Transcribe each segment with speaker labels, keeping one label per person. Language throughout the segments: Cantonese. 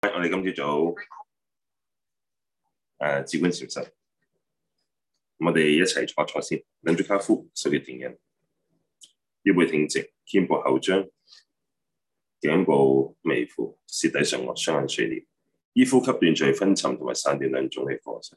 Speaker 1: 我哋今朝早誒，止觀禪修，我哋一齊坐一坐先。兩腳跏趺，手疊定印，腰背挺直，肩部後張，頸部微俯，舌抵上顎，雙眼垂簾。依呼吸斷序分層同埋散點兩種嘅方式。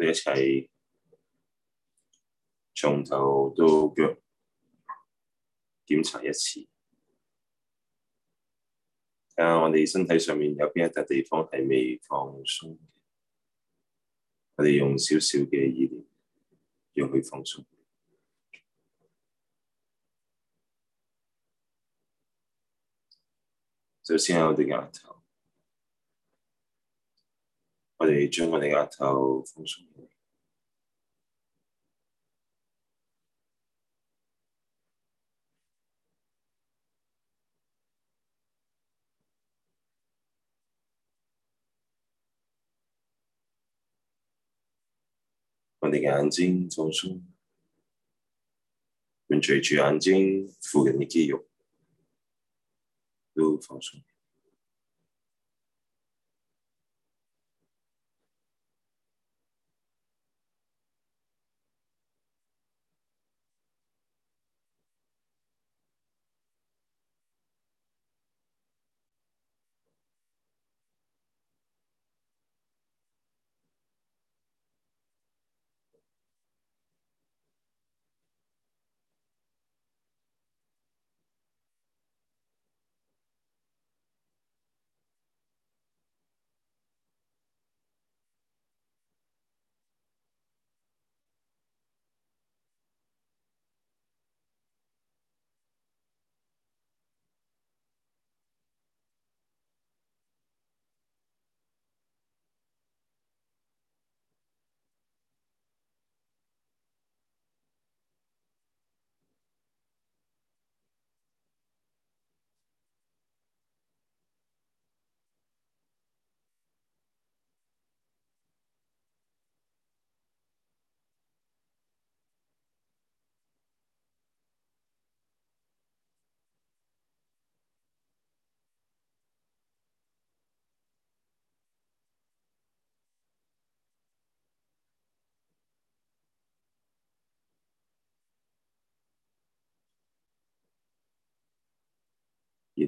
Speaker 1: 我哋一齊從頭到腳檢查一次，睇下我哋身體上面有邊一笪地方係未放鬆嘅。我哋用少少嘅意念，要去放鬆，首先，係我哋嘅額頭我哋要將我哋嘅額頭放鬆，我哋嘅眼睛放鬆，跟住住眼睛附近嘅肌肉都放鬆。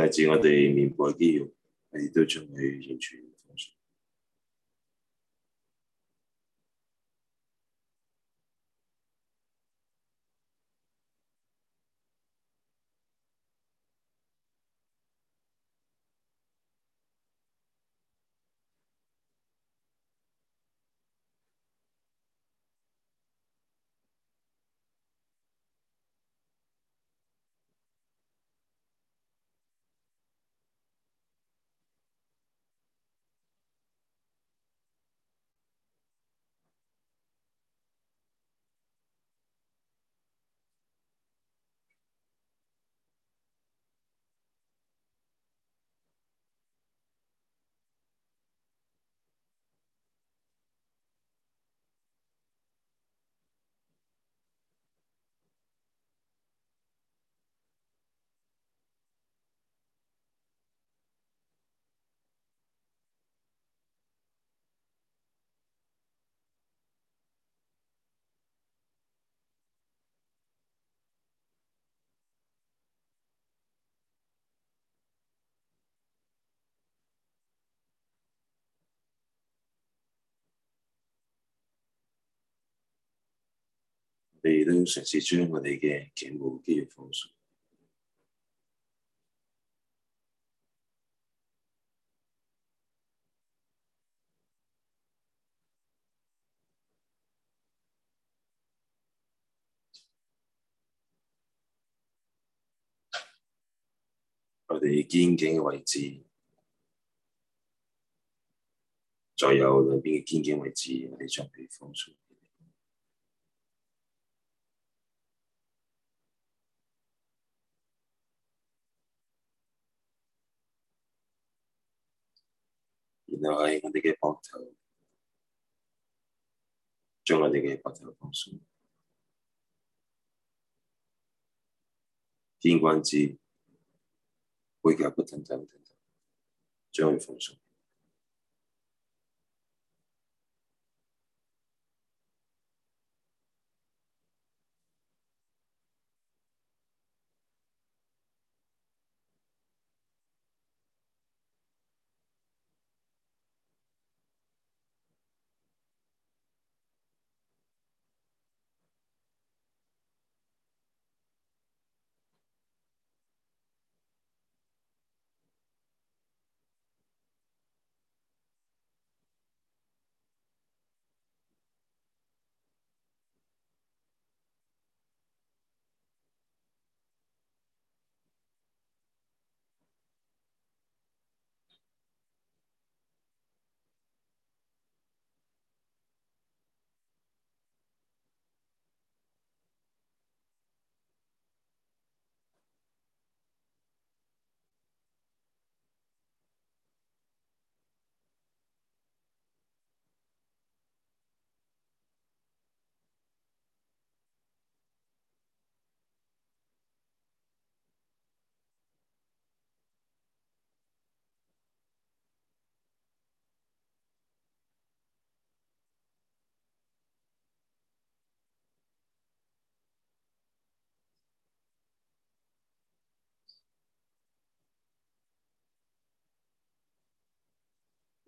Speaker 1: 來自我哋面部嘅肌肉，
Speaker 2: 我都仲
Speaker 1: 係完全。你哋都要嘗試將我哋嘅頸部肌肉放鬆，我哋肩頸嘅位置，再有裏邊嘅肩頸位置，我哋將佢放鬆。
Speaker 2: 就係我哋嘅膊頭，
Speaker 1: 將我哋嘅膊頭放鬆，肩關節會夾不斷、抖不斷，將會放鬆。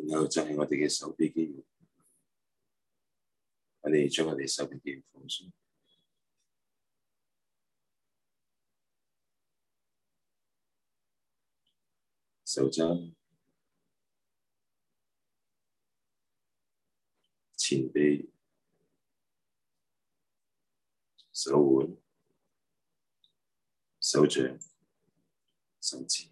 Speaker 1: 然後就係我哋嘅手臂肌肉，我哋將我哋手臂肌肉放鬆，手肘、前臂、手腕、手掌、手指。手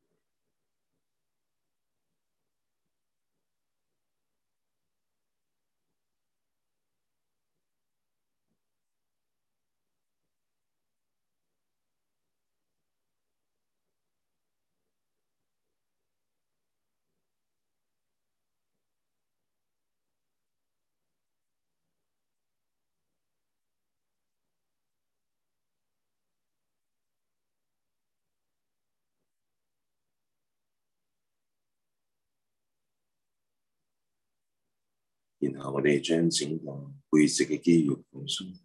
Speaker 1: 然後我哋將整個背脊嘅肌肉放鬆，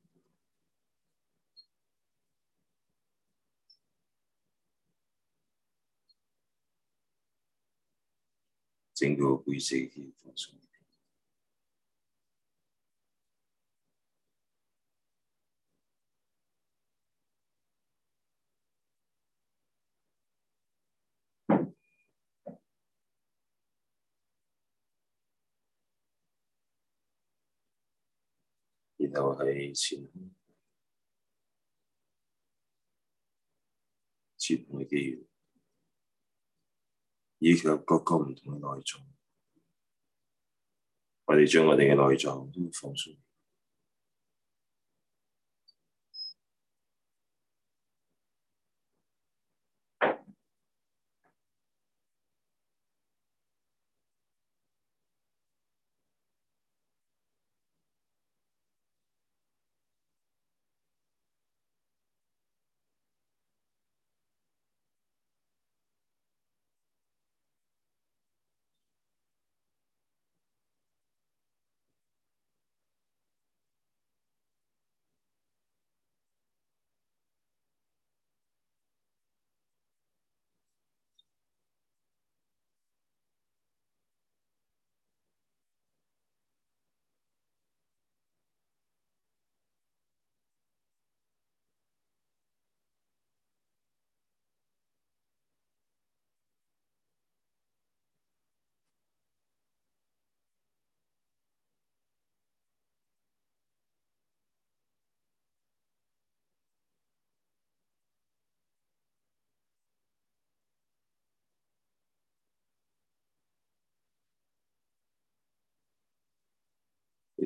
Speaker 1: 整個背脊嘅肌肉放鬆。就係前胸、前背嘅，以及各個唔同嘅內臟。我哋將我哋嘅內臟都放鬆。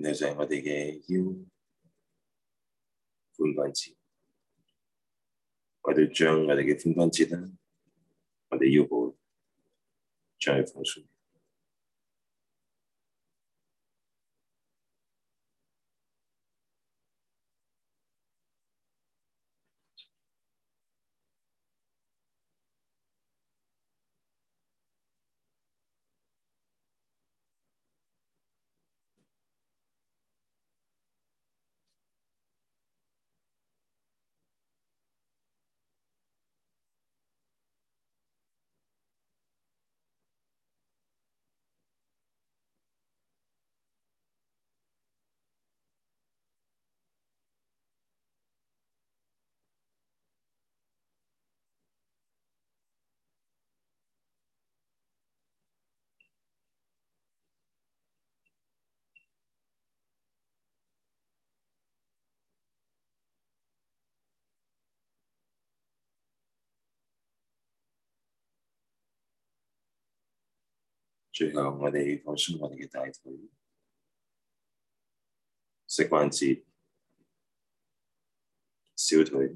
Speaker 1: 就係我哋嘅腰髖關節，我哋將我哋嘅髖關節啦，我哋腰部進行放鬆。最後，我哋放鬆我哋嘅大腿、膝關節、小腿、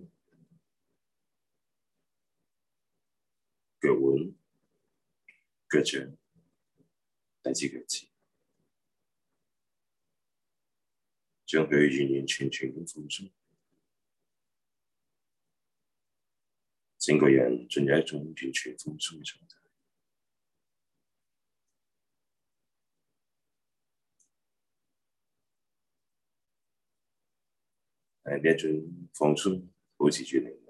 Speaker 1: 腳腕、腳掌、低至腳趾，將佢完完全全咁放鬆，整個人進入一種完全放鬆嘅狀態。誒，呢一種放鬆，保持住你。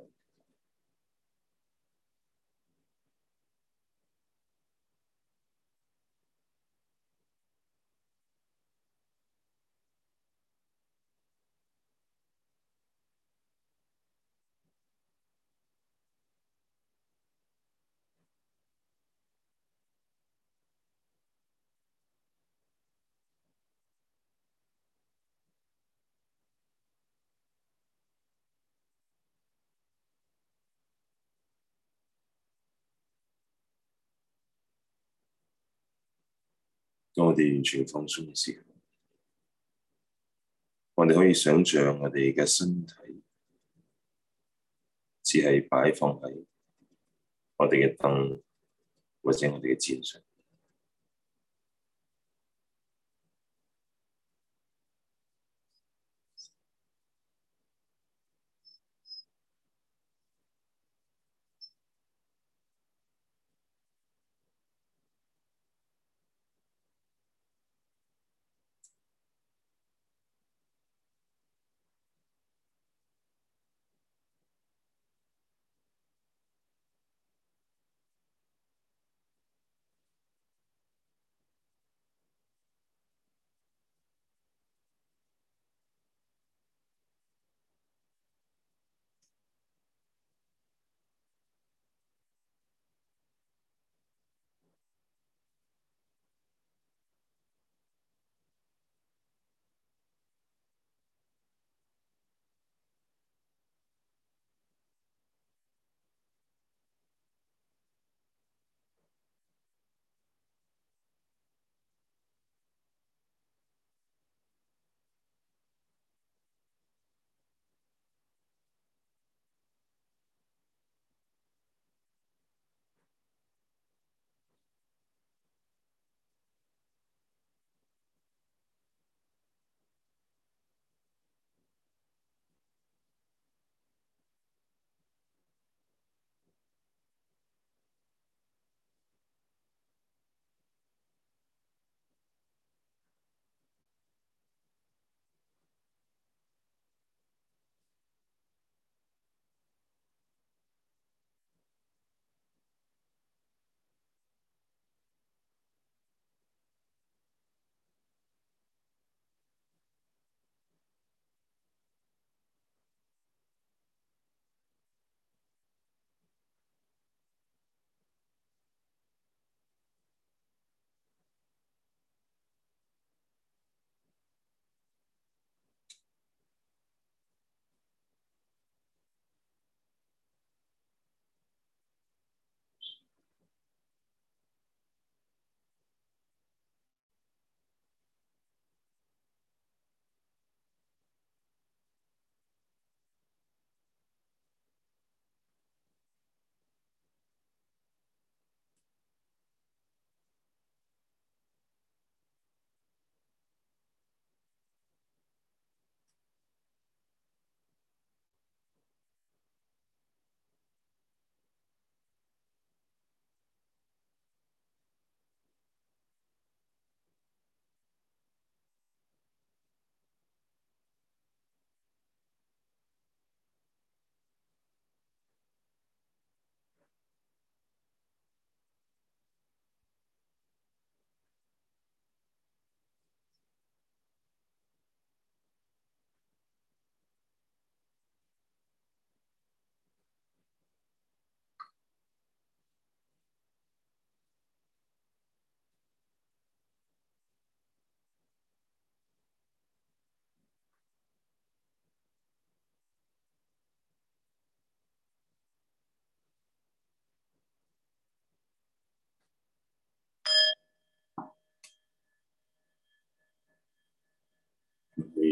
Speaker 1: 當我哋完全放鬆嘅時候，我哋可以想象我哋嘅身體只係擺放喺我哋嘅凳或者我哋嘅墊上。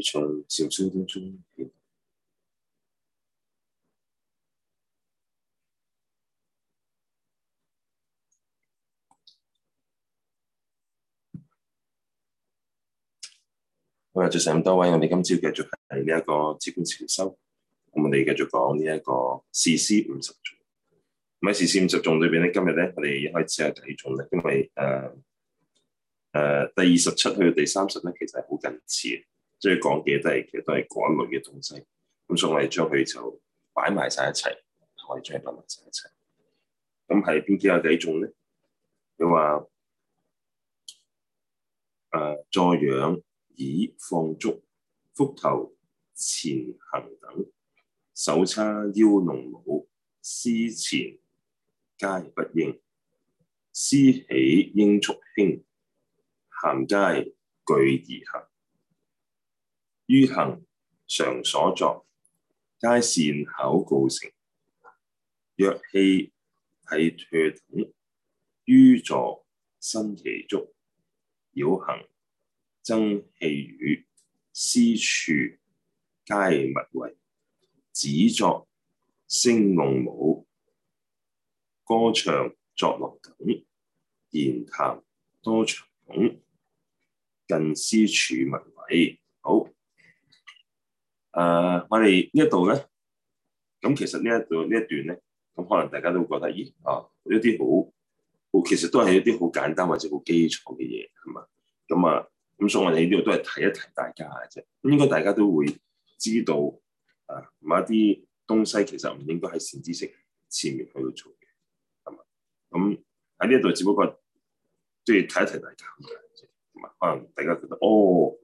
Speaker 1: 從禪修當中好啊。就謝咁多位，我哋今朝繼續係呢一個止觀禪修，我哋繼續講呢一個事師五十頌。咁喺事師五十頌裏邊咧，今日咧我哋一開始係第二重咧，因為誒誒、呃呃、第二十七去到第三十咧，其實係好近似即係講嘅都係其實都係嗰一類嘅東西，咁送嚟出佢就擺埋曬一齊，可、啊、以將佢攬埋曬一齊。咁係邊幾第一種咧？你話誒坐仰倚放足，覆頭前行等，手叉腰弄舞，師前皆不應，師起應速興，咸皆具儀行。於恆常所作，皆善巧告成；若棄涕唾等，於座伸其足，繞行諍戲語，師處皆勿為。指作聲弄舞、歌唱作樂等言談多長，近師處勿為。好。誒，uh, 我哋呢一度咧，咁其實呢一度呢一段咧，咁可能大家都會覺得，咦、哎、啊，一啲好，其實都係一啲好簡單或者好基礎嘅嘢，係嘛？咁啊，咁所以我哋喺呢度都係提一提大家嘅啫。咁應該大家都會知道啊，某一啲東西其實唔應該喺善知識前面去做嘅，係嘛？咁喺呢一度只不過即係提一提大家嘅啫，咁啊，可能大家覺得，哦。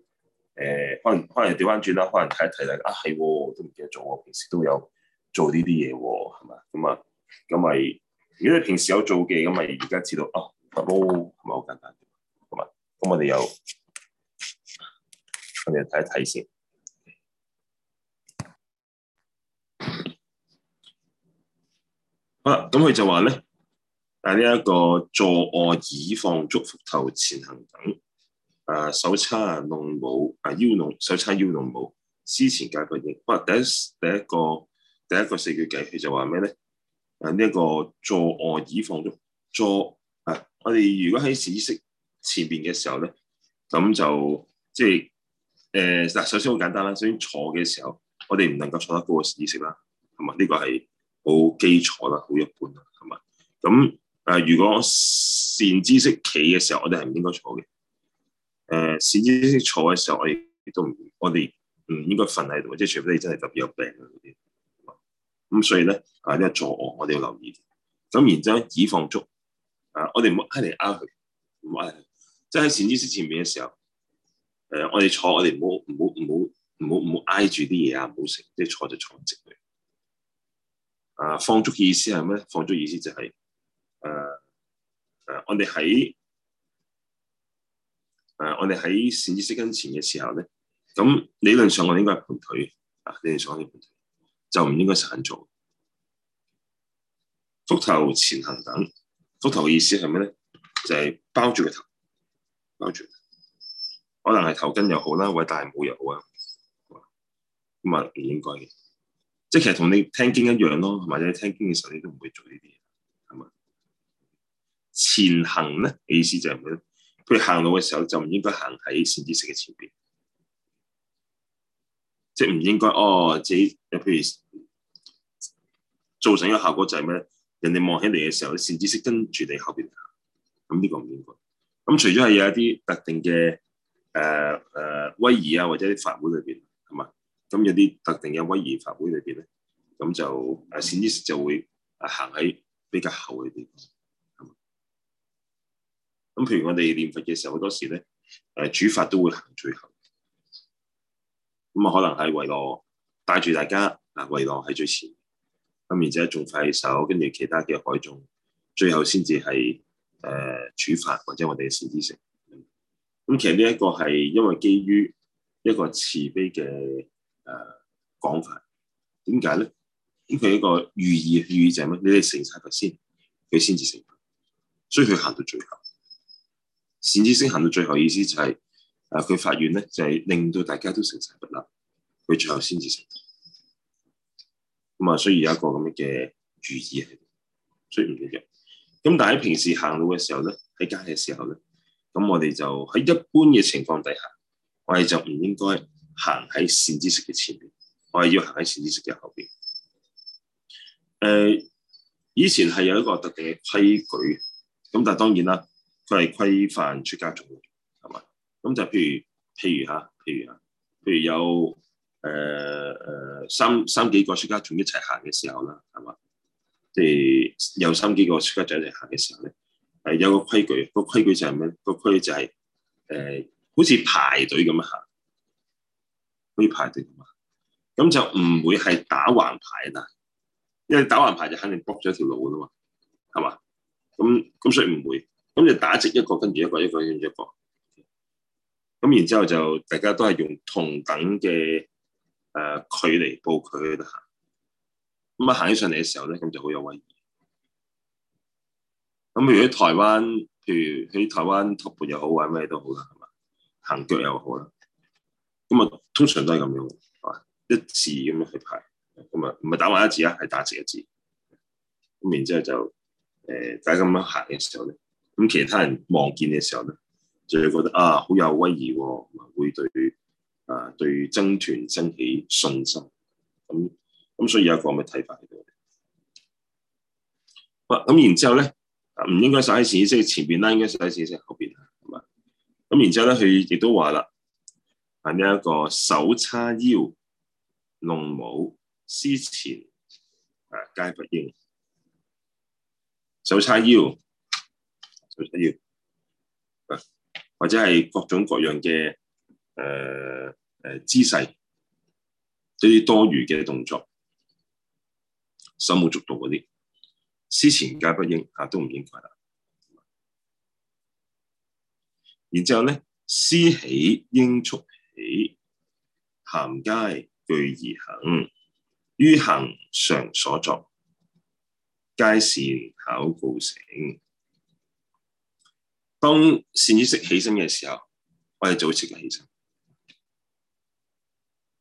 Speaker 1: 誒、呃，可能可能調翻轉啦，可能睇一睇啦。啊，係，我都唔記得咗。我平時都有做呢啲嘢喎，係咪？咁啊，咁咪如果你平時有做嘅，咁咪而家知道哦，唔、啊、好，係咪好簡單？咁啊，咁我哋有，我哋睇一睇先。好、啊、啦，咁佢就話咧，呢一、這個坐仰倚放足覆頭前行等。啊，手叉啊弄舞啊腰弄，手叉腰弄舞之前嘅訓練，哇！第一第一個第一個四句偈，佢就話咩咧？誒呢一個坐仰倚放足坐啊！我哋如果喺知識前面嘅時候咧，咁就即係誒嗱。首先好簡單啦，首先坐嘅時候，我哋唔能夠坐得高過知識啦，係嘛？呢、這個係好基礎啦，好一般啦，係嘛？咁誒、啊，如果善知識企嘅時候，我哋係唔應該坐嘅。誒，善知識、呃、坐嘅時候，我亦都我哋唔應該瞓喺度，即係除非你真係特別有病嗰啲。咁所以咧，啊呢個坐卧我哋要留意。咁然之後，以放足，啊，我哋唔好挨嚟呃佢，唔好挨，即係喺善知識前面嘅時候，誒、呃，我哋坐，我哋唔好唔好唔好唔好唔好挨住啲嘢啊，唔好食，即、就、係、是、坐就坐直佢。啊，放足嘅意思係咩？放足意思就係、是、誒、呃、誒、啊，我哋喺。誒、啊，我哋喺善知識跟前嘅時候咧，咁理論上我哋應該盤腿啊，理論上我哋係盤腿就唔應該散做。覆頭前行等，覆頭嘅意思係咩咧？就係、是、包住個頭，包住。可能係頭巾又好啦，或者大帽又好啊，咁啊唔應該嘅。即係其實同你聽經一樣咯，或者你聽經嘅時候你都唔會做呢啲嘢，係咪？前行咧，意思就係佢行路嘅時候就唔應該行喺善知識嘅前邊，即係唔應該哦。自己譬如造成一個效果就係咩咧？人哋望起嚟嘅時候，善知識跟住你後邊行，咁呢個唔應該。咁除咗係有一啲特定嘅誒誒威儀啊，或者啲法會裏邊係嘛？咁有啲特定嘅威儀法會裏邊咧，咁就善知識就會行喺比較後嘅地方。咁譬如我哋念佛嘅時候，好多時咧，誒主法都會行最後，咁啊可能係為我帶住大家啊，為我喺最前，咁然之後仲快手，跟住其他嘅海眾，最後先至係誒主法或者我哋嘅善知識。咁其實呢一個係因為基於一個慈悲嘅誒、呃、講法，點解咧？咁佢一個寓意，寓意就係咩？你哋成佛先，佢先至成佛，成所以佢行到最後。善知識行到最後意思就係、是，啊佢發願咧就係、是、令到大家都成晒佛啦，佢最後先至成。咁、嗯、啊，需要有一個咁嘅寓意喺度，所以唔一樣。咁但喺平時行路嘅時候咧，喺街嘅時候咧，咁我哋就喺一般嘅情況底下，我哋就唔應該行喺善知識嘅前面，我哋要行喺善知識嘅後邊。誒、呃，以前係有一個特定嘅規矩，咁但係當然啦。佢係規範出家眾，係嘛？咁就譬如譬如吓，譬如譬如，譬如有誒誒、呃、三三幾個出家眾一齊行嘅時候啦，係嘛？即、就、係、是、有三幾個出家眾一齊行嘅時候咧，係、呃、有個規矩，個規矩就係咩？個規矩就係、是、誒、呃，好似排隊咁樣行，好似排隊咁啊。咁就唔會係打橫排啦，因為打橫排就肯定闖咗一條路噶啦嘛，係嘛？咁咁所以唔會。咁就打直一個，跟住一個，一個跟住一個。咁然之後就大家都係用同等嘅誒、呃、距離步距喺度行。咁啊行起上嚟嘅時候咧，咁就好有威儀。咁如果台灣，嗯、譬如喺台灣徒步又好，玩咩都好啦，係嘛？行腳又好啦。咁啊，通常都係咁樣，係、嗯、一字咁樣去排。咁啊，唔係打橫一字啊，係打直一字。咁然之後就、呃、大家咁樣行嘅時候咧。咁其他人望見嘅時候咧，就會覺得啊，好有威儀喎、哦，會對啊對僧團升起信心。咁咁所以有一個咁嘅睇法喺度。好啦，咁然之後咧，唔應該洗喺即係前邊啦，應該喺錢先後邊啊，係嘛？咁然之後咧，佢亦都話啦，係呢一個手叉腰、弄舞、師前、啊，皆不應手叉腰。佢需要或者係各種各樣嘅誒誒姿勢，啲多餘嘅動作，手舞足蹈嗰啲，師前皆不應啊，都唔應該啦。然之後咧，師起應速興，咸皆具儀行，於恆常所作，皆善巧告成。當善知識起身嘅時候，我哋就會即刻起身，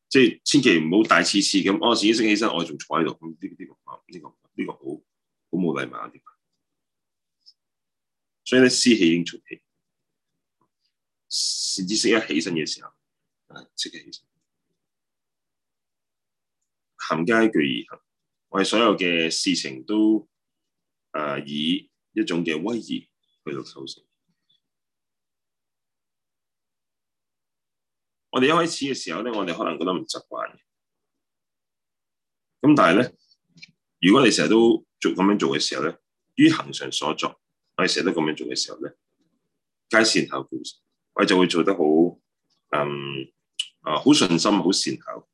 Speaker 1: 即係千祈唔好大次次咁。哦。善知識起身，我仲坐喺度，咁呢呢個呢、這個呢、這個好好冇禮貌啊、這個！所以咧，師起應速興，善知識一起身嘅時候，即刻起身，咸皆具儀行，我哋所有嘅事情都誒、呃、以一種嘅威儀去到告成。我哋一開始嘅時候咧，我哋可能覺得唔習慣嘅。咁但係咧，如果你成日都做咁樣做嘅時候咧，於恆常所作，我哋成日都咁樣做嘅時候咧，皆善巧告成，我哋就會做得好，嗯啊，好順心，好善巧，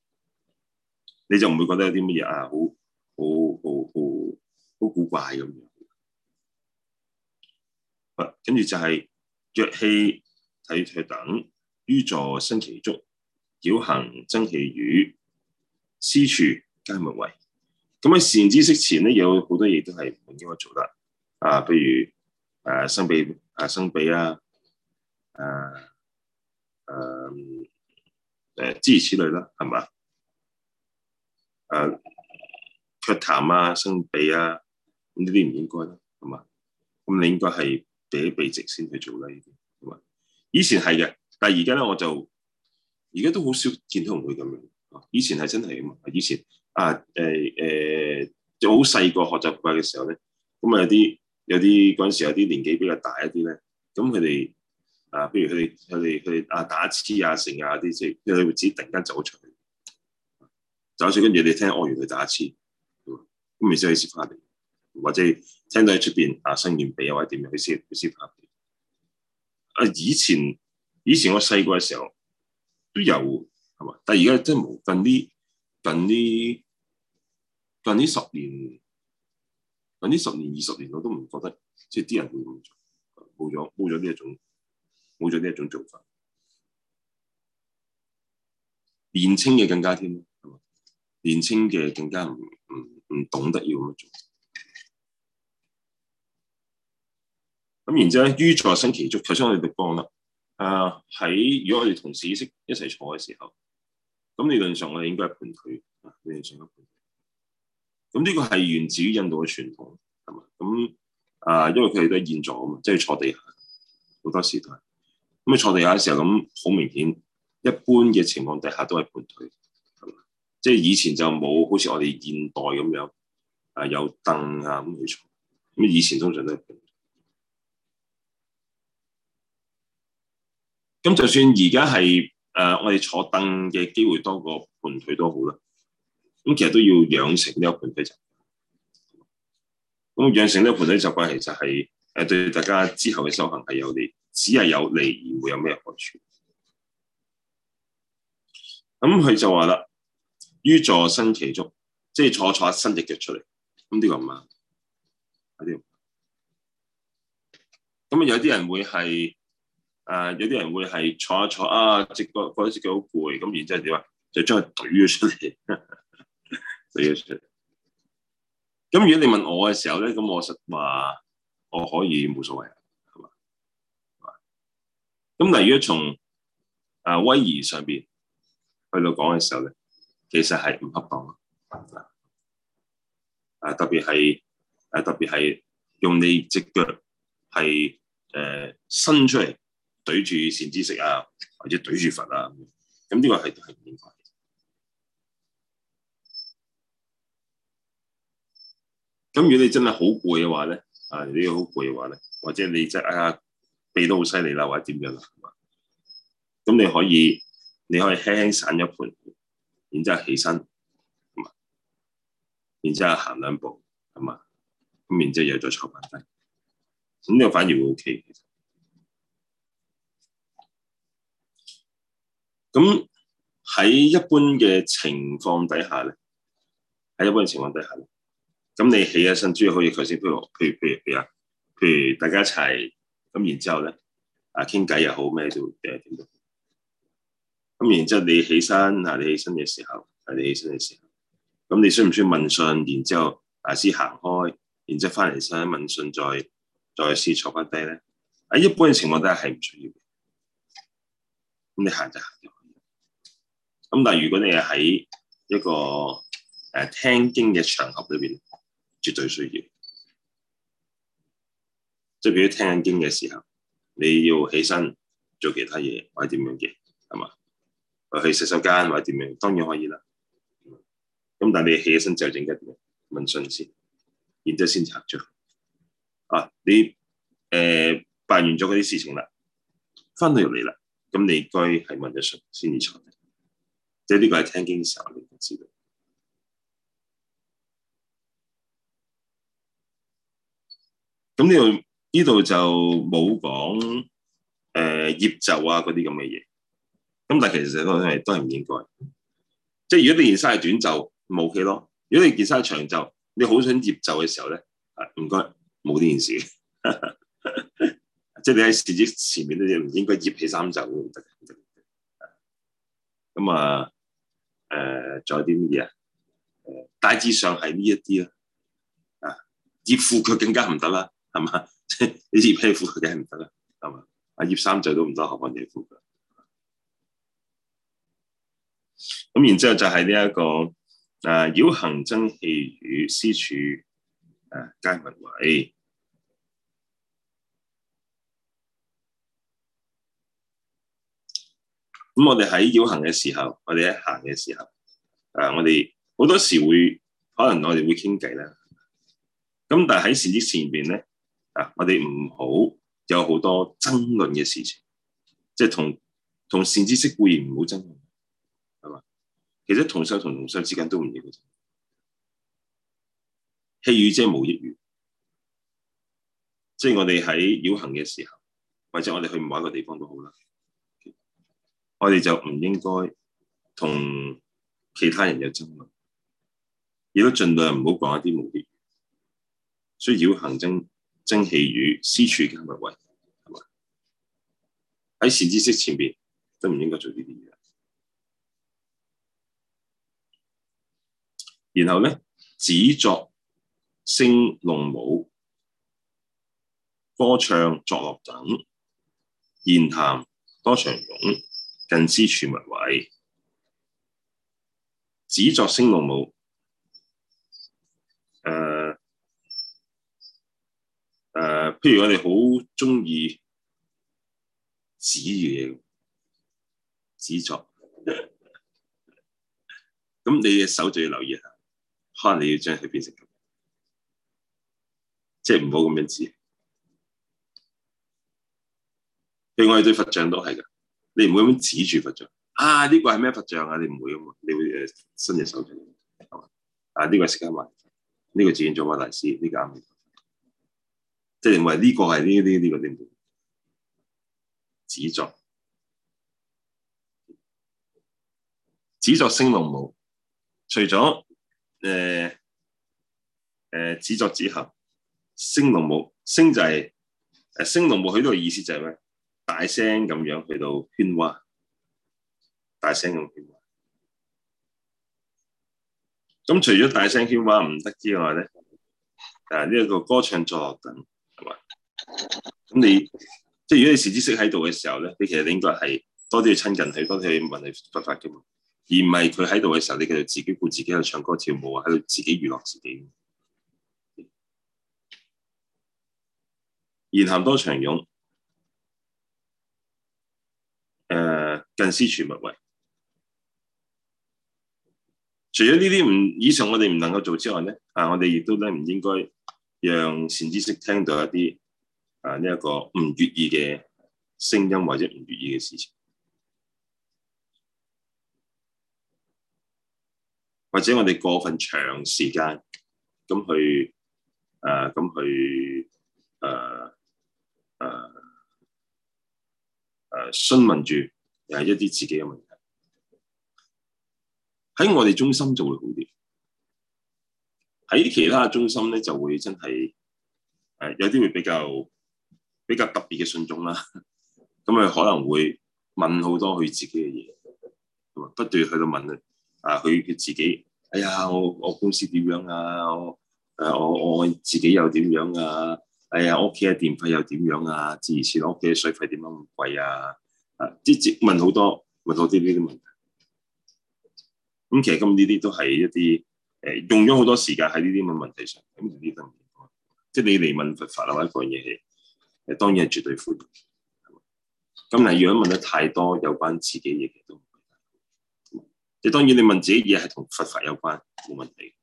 Speaker 1: 你就唔會覺得有啲乜嘢啊，好好好好好古怪咁樣。跟、啊、住就係若棄涕唾等。於座伸其足，繞行諍戲語，師處皆勿為。咁喺善知識前咧，有好多嘢都係唔應該做啦。啊，譬如誒生鼻誒生鼻啊，誒誒誒，諸、啊啊啊啊、如此類啦，係嘛？誒、啊，咳痰啊，生鼻啊，咁呢啲唔應該啦，係嘛？咁你應該係避一避籍先去做啦，呢啲，係嘛？以前係嘅。但係而家咧，我就而家都好少見到會咁樣。以前係真係啊，以前啊，誒誒，就好細個學習嘅時候咧，咁啊，有啲有啲嗰陣時有啲年紀比較大一啲咧，咁佢哋啊，譬如佢哋佢哋佢哋啊打黐啊成啊啲，即係佢會自己突然間走出場，走出場，跟住你聽完佢打黐，咁然之後佢先翻下地，或者聽到喺出邊啊新完鼻啊或者點樣，佢先佢先翻下地啊，以前。以前我細個嘅時候都有係嘛，但係而家真係冇，近呢，近呢，近呢十年，近呢十年二十年，我都唔覺得，即係啲人會咁做，冇咗，冇咗呢一種，冇咗呢一種做法，年青嘅更加添，年青嘅更加唔唔唔懂得，要咁做，咁然之後咧，於座伸其足，求生我哋嘅啦。誒喺啊，如果我哋同善知識一齊坐嘅時候，咁理論上我哋應該係盤腿啊。理論上都盤腿。咁呢個係源自於印度嘅傳統，係嘛？咁啊，因為佢哋都係彎坐啊嘛，即係坐地下好多時都係。咁你坐地下嘅時候咁好明顯，一般嘅情況底下都係盤腿，係嘛？即係以前就冇好似我哋現代咁樣啊有凳啊咁去坐，咁以前通常都係盤腿。咁就算而家係誒，我哋坐凳嘅機會多過盤腿都好啦。咁其實都要養成呢個盤腿習慣。咁養成呢個盤腿習慣，其實係、就、誒、是，對大家之後嘅修行係有利，只係有利而唔會有咩害處。咁佢就話啦，於座伸其足，即係坐坐伸隻腳出嚟。咁呢個唔啱。睇條、這個。咁有啲人會係。誒，有啲人會係坐一坐啊，隻腳覺得隻腳好攰，咁然之後點啊？就將佢懟咗出嚟，懟咗出嚟。咁如果你問我嘅時候咧，咁我實話我可以冇所謂，係嘛？咁，但係如果從誒威儀上邊去到講嘅時候咧，其實係唔恰當咯。誒，特別係誒，特別係用你隻腳係誒伸出嚟。對住善知識啊，或者對住佛啊，咁呢個係係唔好嘅。咁如果你真係好攰嘅話咧，啊，你好攰嘅話咧，或者你真係啊，鼻都好犀利啦，或者點樣啦，咁你可以你可以輕輕散一盤，然之後起身，咁啊，然之後行兩步，咁啊，咁然之後又再坐翻低，咁呢個反而會 OK 咁喺一般嘅情況底下咧，喺一般嘅情況底下咁你起咗身，主要可以頭先，譬如譬如譬如譬如啊，譬如大家一齊咁，然之後咧啊傾偈又好咩都誒點？咁然之後你起身啊，你起身嘅時候，你起身嘅時候，咁你需唔需要問訊？然之後啊先行開，然之後翻嚟身問訊，再再試坐翻低咧？喺一般嘅情況底下係唔需要嘅。咁你行就行。咁但係如果你係喺一個誒聽經嘅場合裏邊，絕對需要。即係譬如聽緊經嘅時候，你要起身做其他嘢，或者點樣嘅，係嘛？或去洗手間，或者點樣，當然可以啦。咁但係你起身就整一點，問訊先，然之後先拆桌。啊，你誒、呃、辦完咗嗰啲事情啦，翻到入嚟啦，咁你該係問一訊先至拆。即係呢個係聽經嘅時候，你唔知道。咁呢度呢度就冇講誒，掖、呃、袖啊嗰啲咁嘅嘢。咁但係其實都係都係唔應該。即係如果你件衫係短袖，冇嘅咯。如果你件衫係長袖，你好想掖袖嘅時候咧，唔、啊、該，冇呢件事。 即係你喺四肢前面都要唔應該掖起衫袖嘅，唔得咁啊。誒，仲、呃、有啲乜嘢啊？誒、呃，大致上係呢一啲咯，啊，葉富佢更加唔得啦， 係嘛？你葉批富佢梗係唔得啦，係、啊、嘛？阿葉三就都唔得，學翻葉富噶，咁然之後就係呢一個啊，繞行諍戲語，師處啊，皆勿為。咁我哋喺繞行嘅時候，我哋喺行嘅時候，誒，我哋好多時會可能我哋會傾偈啦。咁但係喺善知識前面咧，啊，我哋唔好有好多爭論嘅事情，即係同同善知識固然唔好爭論，係嘛？其實同修同同修之間都唔要爭論，戲語即係無益語。即係我哋喺繞行嘅時候，或者我哋去唔某一個地方都好啦。我哋就唔應該同其他人有爭論，亦都盡量唔好講一啲無聊。繞行諍戲語，師處皆勿為，係嘛？喺善知識前面，都唔應該做呢啲嘢。然後咧，指作聲弄舞、歌唱作、作樂等，言談多長冗。近師處勿為，指作聲弄舞。誒、啊、誒、啊，譬如我哋好中意指嘢，指作。咁你嘅手就要留意下，可能你要將佢變成咁，即係唔好咁樣指。另外對佛像都係噶。你唔會咁指住佛像啊？呢個係咩佛像啊？你唔會啊？你會誒伸隻手出啊！呢個是釋迦牟，呢個自然做。摩大師，呢個啱即係唔係呢個係呢呢呢個點指作？指作聲弄舞。除咗誒、呃呃、指作指合聲弄舞。聲就係聲弄舞。佢、呃、都個意思就係咩？大聲咁樣去到喧嘩，大聲咁喧嘩。咁除咗大聲喧嘩唔得之外咧，誒呢一個歌唱作樂等係嘛？咁你即係如果你善知識喺度嘅時候咧，你其實你應該係多啲去親近佢，多啲去問佢佛法嘅，而唔係佢喺度嘅時候，你佢就自己顧自己喺度唱歌跳舞啊，喺度自己娛樂自己。言談多長冗。誒，uh, 近師處勿為。除咗呢啲唔，以上我哋唔能夠做之外咧，啊，我哋亦都咧唔應該讓善知識聽到一啲啊呢一個唔悅意嘅聲音，或者唔悅意嘅事情，或者我哋過分長時間咁去，誒，咁去，誒，誒。詢問住係一啲自己嘅問題，喺我哋中心就會好啲，喺其他中心咧，就會真係誒有啲會比較比較特別嘅信眾啦，咁佢可能會問好多佢自己嘅嘢，不斷去到問啊佢、佢自己，哎呀我、我公司點樣啊，誒我、我，我自己又點樣啊？係啊，屋企嘅電費又點樣啊？自以前屋企水費點解咁貴啊？啊，即係問好多問多啲呢啲問題。咁其實咁呢啲都係一啲誒用咗好多時間喺呢啲咁嘅問題上。咁呢份，即係你嚟問佛法啊，或者講嘢嘅，誒當然係絕對歡迎。咁嗱，但如果問得太多有關自己嘢嘅，其實都即係當然你問自己嘢係同佛法有關冇問題。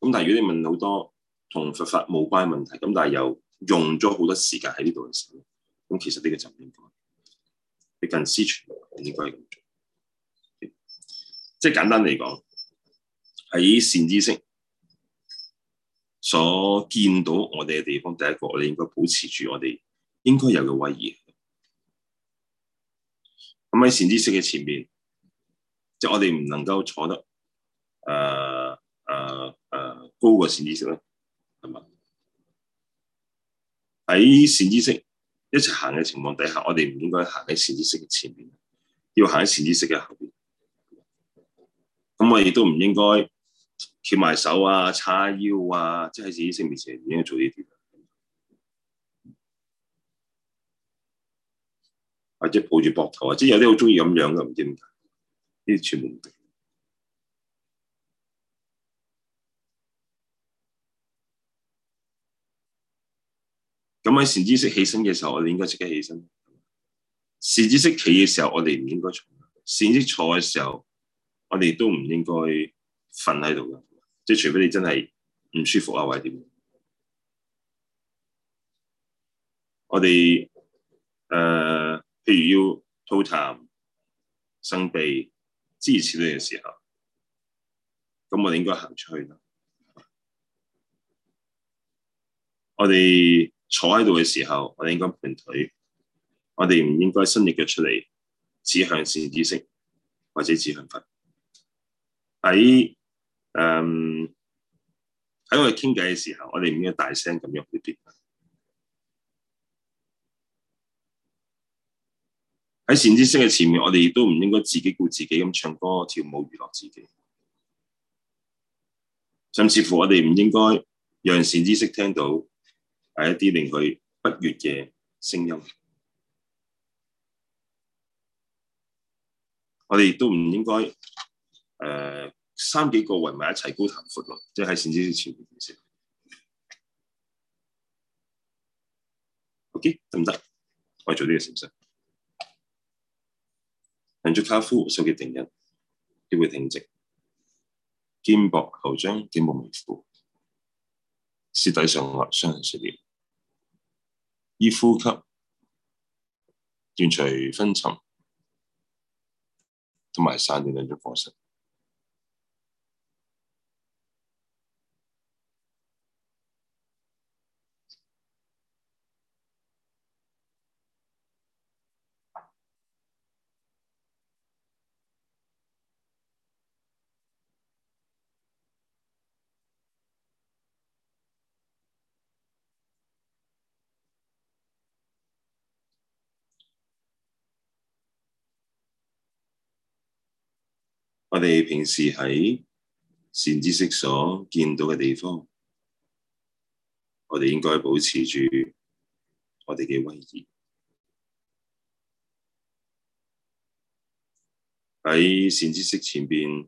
Speaker 1: 咁但係如果你問好多，同佛法冇關問題，咁但係又用咗好多時間喺呢度嘅時候，咁其實呢個就唔應該。你近師處唔應該咁做，即係簡單嚟講，喺善知識所見到我哋嘅地方，第一個我哋應該保持住我哋應該有嘅威儀。咁喺善知識嘅前面，即係我哋唔能夠坐得誒誒誒高過善知識啦。喺善知識一齊行嘅情況底下，我哋唔應該行喺善知識嘅前面，要行喺善知識嘅後邊。咁我亦都唔應該翹埋手啊、叉腰啊，即係喺善知識面前唔應該做呢啲。或者抱住膊頭，或者有啲好中意咁樣嘅，唔知點解呢啲全部咁喺善知識起身嘅時候，我哋應該即刻起身；善知識企嘅時候，我哋唔應該坐；善知識坐嘅時候，我哋都唔應該瞓喺度嘅，即係除非你真係唔舒服啊，或者點。我哋誒、呃，譬如要吐痰、um、擤鼻、支持你嘅時候，咁我哋應該行出去咯。我哋。坐喺度嘅時候，我哋應該盤腿；我哋唔應該伸隻腳出嚟，指向善知識或者指向佛。喺誒喺我哋傾偈嘅時候，我哋唔應該大聲咁喐呢啲。喺善知識嘅前面，我哋亦都唔應該自己顧自己咁唱歌、跳舞、娛樂自己。甚至乎，我哋唔應該讓善知識聽到。係一啲令佢不悅嘅聲音，我哋亦都唔應該誒、呃、三幾個圍埋一齊高談闊論，即係喺善知識前面。少少。OK 得唔得？我哋做呢個形式。人足卡夫雙手嘅定印，腰背挺直，肩膊後張，肩部微負，舌抵上牙，雙唇舌裂。以呼吸、斷除分層，同埋三點兩種方式。我哋平時喺善知識所見到嘅地方，我哋應該保持住我哋嘅威儀。喺善知識前邊，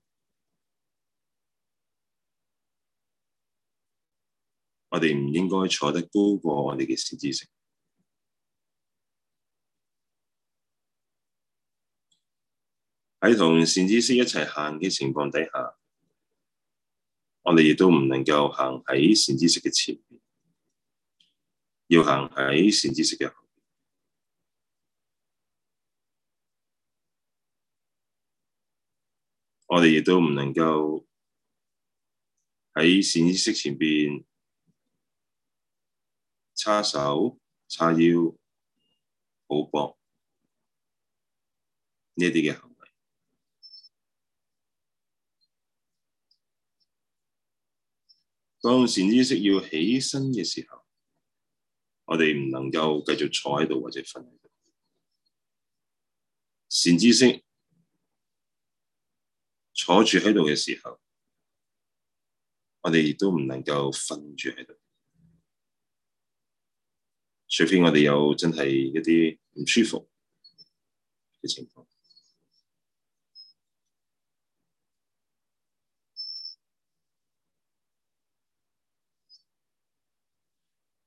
Speaker 1: 我哋唔應該坐得高過我哋嘅善知識。喺同善知識一齊行嘅情況底下，我哋亦都唔能夠行喺善知識嘅前面，要行喺善知識嘅後面。我哋亦都唔能夠喺善知識前邊叉手叉腰抱膊呢啲嘅行為。當善知識要起身嘅時候，我哋唔能夠繼續坐喺度或者瞓喺度。善知識坐住喺度嘅時候，我哋亦都唔能夠瞓住喺度，除非我哋有真係一啲唔舒服嘅情況。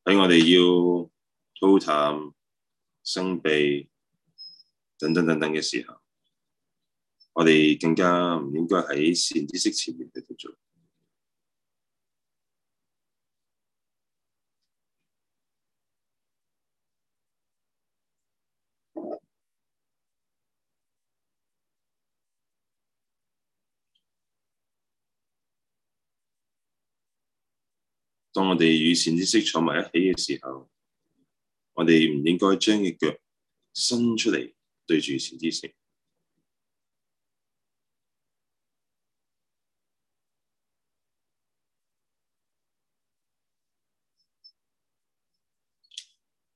Speaker 1: 喺我哋要吐痰、擤鼻等等等等嘅時候，我哋更加唔應該喺善知識前面去做。當我哋與善知識坐埋一起嘅時候，我哋唔應該將隻腳伸出嚟對住善知識。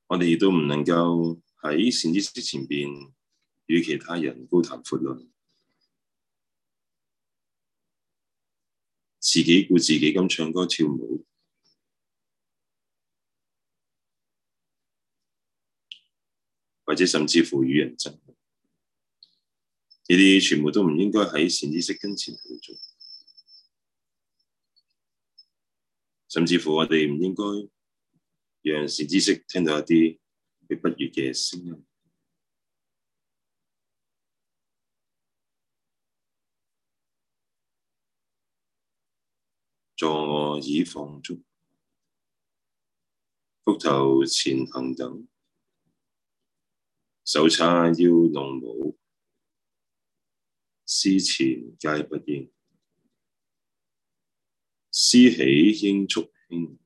Speaker 1: 我哋亦都唔能夠喺善知識前邊與其他人高談闊論，自己顧自己咁唱歌跳舞。或者甚至乎與人爭，呢啲全部都唔應該喺善知識跟前去做。甚至乎我哋唔應該讓善知識聽到一啲不悦嘅聲音，坐仰倚放足，覆頭前行等。手叉腰弄舞，師前皆不應；師起應速興，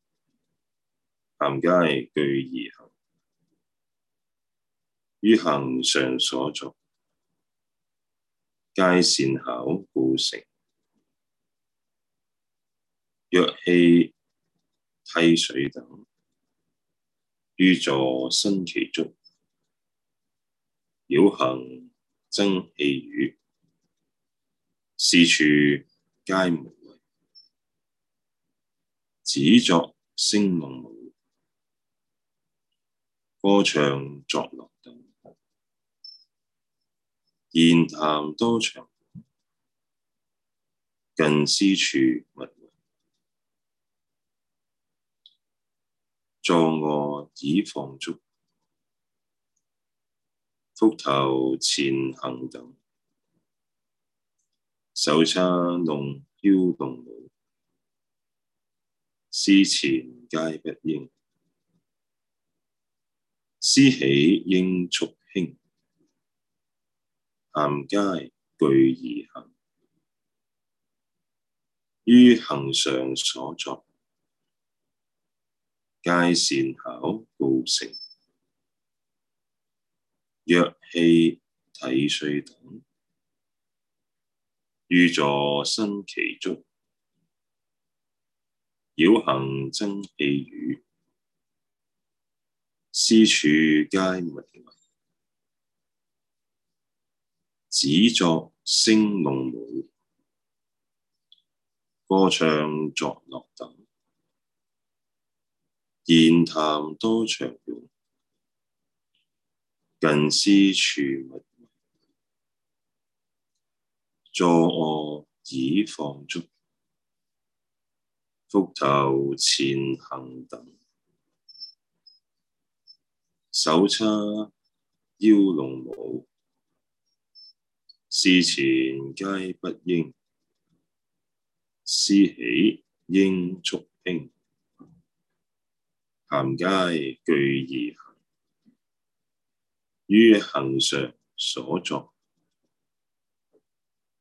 Speaker 1: 咸皆具儀行。於恆常所作，皆善巧告成。若棄涕唾等，於座伸其足。繞行諍戲語，師處皆勿為。指作聲弄舞，歌唱作樂等。言談多長，近師處勿為。坐仰倚放足。覆頭前行等，手叉腰弄舞，師前皆不應，師起應速興，咸皆具儀行，於恆常所作，皆善巧告成。若棄涕唾等，於座伸其足；繞行諍戲語，師處皆勿為。指作聲弄舞，歌唱作樂等，言談多長冗。近師處作坐卧，倚放足；覆頭前行等，手叉腰弄舞。師前皆不應，師起應速興，咸皆具儀行。於恆常所作，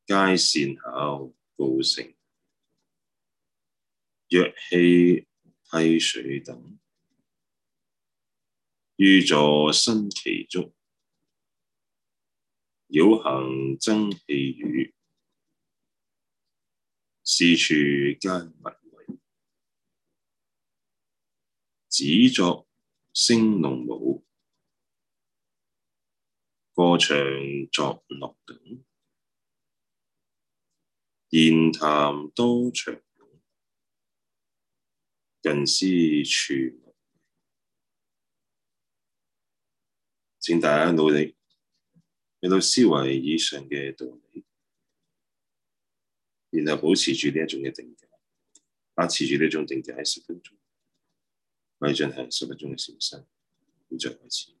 Speaker 1: 皆善巧告成，若棄涕唾等，於座伸其足，繞行諍戲語，師處皆勿為，指作聲弄舞。歌唱作樂等，言談多長冗，近師處勿為，請大家努力用到思維以上嘅道理，然後保持住呢一種嘅定格，保持住呢種定格係十分鐘，為進行十分鐘嘅禪修，現在開始。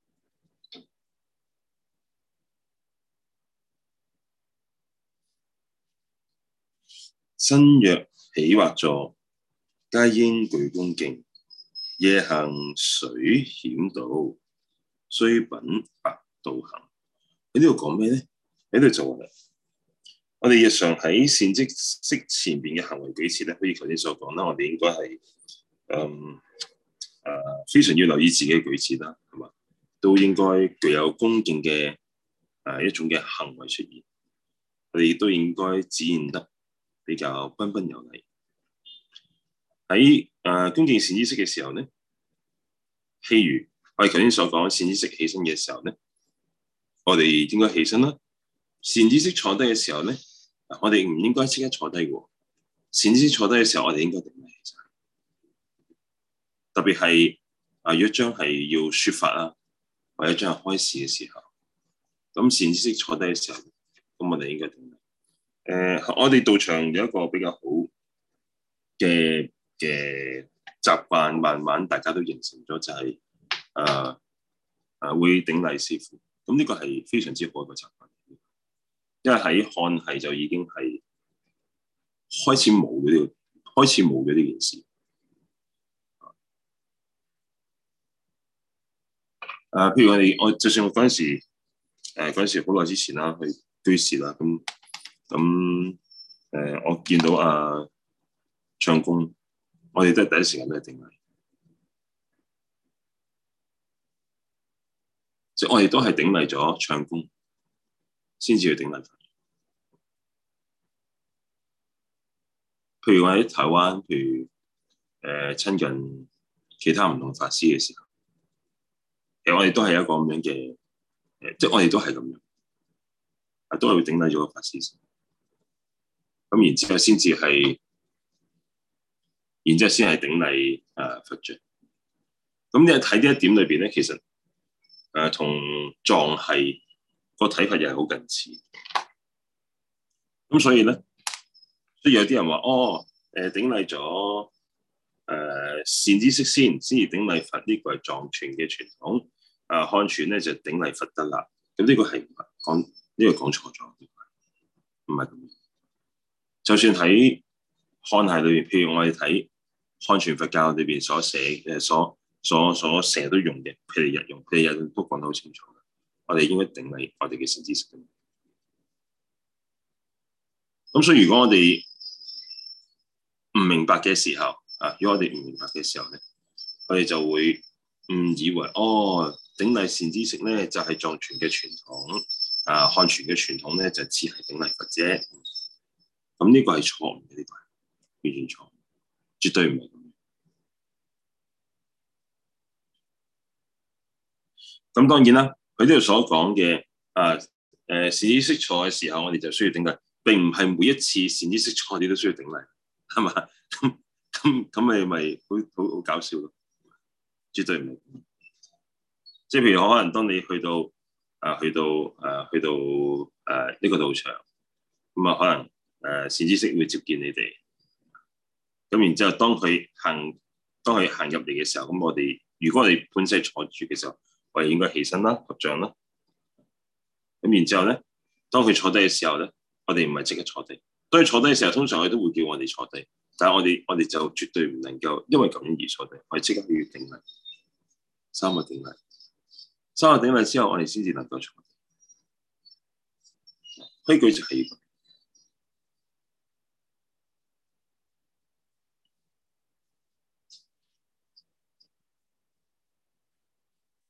Speaker 1: 身若起或坐，皆應具恭敬；夜行水險道，須稟白導行。喺呢度講咩咧？喺度做嘅。我哋日常喺善知識前面嘅行為舉止咧，好似頭先所講啦。我哋應該係嗯誒、呃，非常要留意自己嘅舉止啦，係嘛，都應該具有恭敬嘅誒、啊、一種嘅行為出現。我哋亦都應該展現得。比較彬彬有禮。喺誒、呃、恭敬善知識嘅時候咧，譬如我哋頭先所講善知識起身嘅時候咧，我哋應該起身啦。善知識坐低嘅時候咧，我哋唔應該即刻坐低嘅喎。善知識坐低嘅時、呃、時候，我哋應該起身。特別係啊，如果將係要說法啦，或者將係開示嘅時候，咁善知識坐低嘅時候，咁我哋應該定。誒、呃，我哋道場有一個比較好嘅嘅習慣，慢慢大家都形成咗就係誒誒會頂禮師父，咁呢個係非常之好一個習慣，因為喺漢系就已經係開始冇咗呢，開始冇咗呢件事。誒、呃，譬如我哋，我就算我嗰陣時，誒、呃，嗰陣時好耐之前啦，去推事啦，咁、嗯。咁誒、呃，我見到阿、啊、唱功，我哋都係第一時間都係頂禮，即、就、係、是、我哋都係頂禮咗唱功先至要頂禮。譬如我喺台灣，譬如誒、呃、親近其他唔同法師嘅時候，其實我哋都係一個咁樣嘅，即、就、係、是、我哋都係咁樣，都係會頂禮咗個法師。咁然之後先至係，然之後先係頂禮誒佛像。咁你睇呢一點裏邊咧，其實誒同藏系個體法又係好近似。咁所以咧，即有啲人話：哦，誒頂禮咗誒善知識先，先至頂禮佛呢、這個係藏傳嘅傳統。誒漢傳咧就係頂禮佛得啦。咁呢個係講呢個講錯咗，唔係咁。就算喺漢譯裏邊，譬如我哋睇漢傳佛教裏邊所寫嘅，所所所寫都用嘅，譬如日用，譬如日用都講得好清楚嘅。我哋應該頂禮我哋嘅善知識。咁所以如果我哋唔明白嘅時候啊，如果我哋唔明白嘅時候咧，我哋就會誤以為哦，頂禮善知識咧就係藏傳嘅傳統啊，漢傳嘅傳統咧就似係頂禮佛者。咁呢個係錯誤嘅，呢個完全錯誤，絕對唔係。咁當然啦，佢呢度所講嘅啊誒善知識錯嘅時候，我哋就需要頂禮。並唔係每一次善知識錯，你都需要頂禮，係嘛？咁咁咁，咪咪好好好搞笑咯！絕對唔係。即係譬如，可能當你去到啊，去到啊，去到誒呢、啊這個道場，咁啊，可能。誒、呃、善知識會接見你哋，咁然之後當佢行，當佢行入嚟嘅時候，咁我哋如果我哋本身坐住嘅時候，我哋應該起身啦，合掌啦。咁然之後咧，當佢坐低嘅時候咧，我哋唔係即刻坐低。當佢坐低嘅時候，通常佢都會叫我哋坐低，但係我哋我哋就絕對唔能夠因為咁樣而坐低。我哋即刻去要頂禮，三個頂禮，三個頂禮之後，我哋先至能夠坐低。可以舉直氣。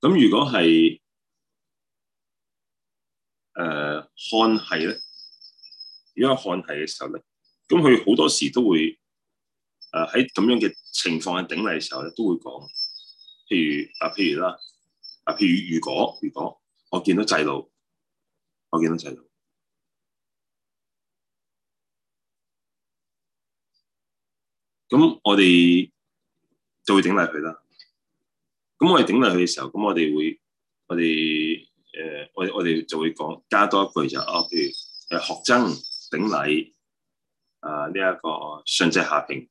Speaker 1: 咁如果係誒漢系咧，如、呃、果漢系嘅時候咧，咁佢好多時都會誒喺咁樣嘅情況嘅頂禮時候咧，都會講，譬如啊，譬如啦，啊譬如如果如果我見到細路，我見到細路，咁我哋就會頂禮佢啦。咁我哋頂落去嘅時候，咁我哋會，我哋誒、呃，我我哋就會講加多一句就是、啊，譬如誒學僧頂禮，啊呢一、這個上者下平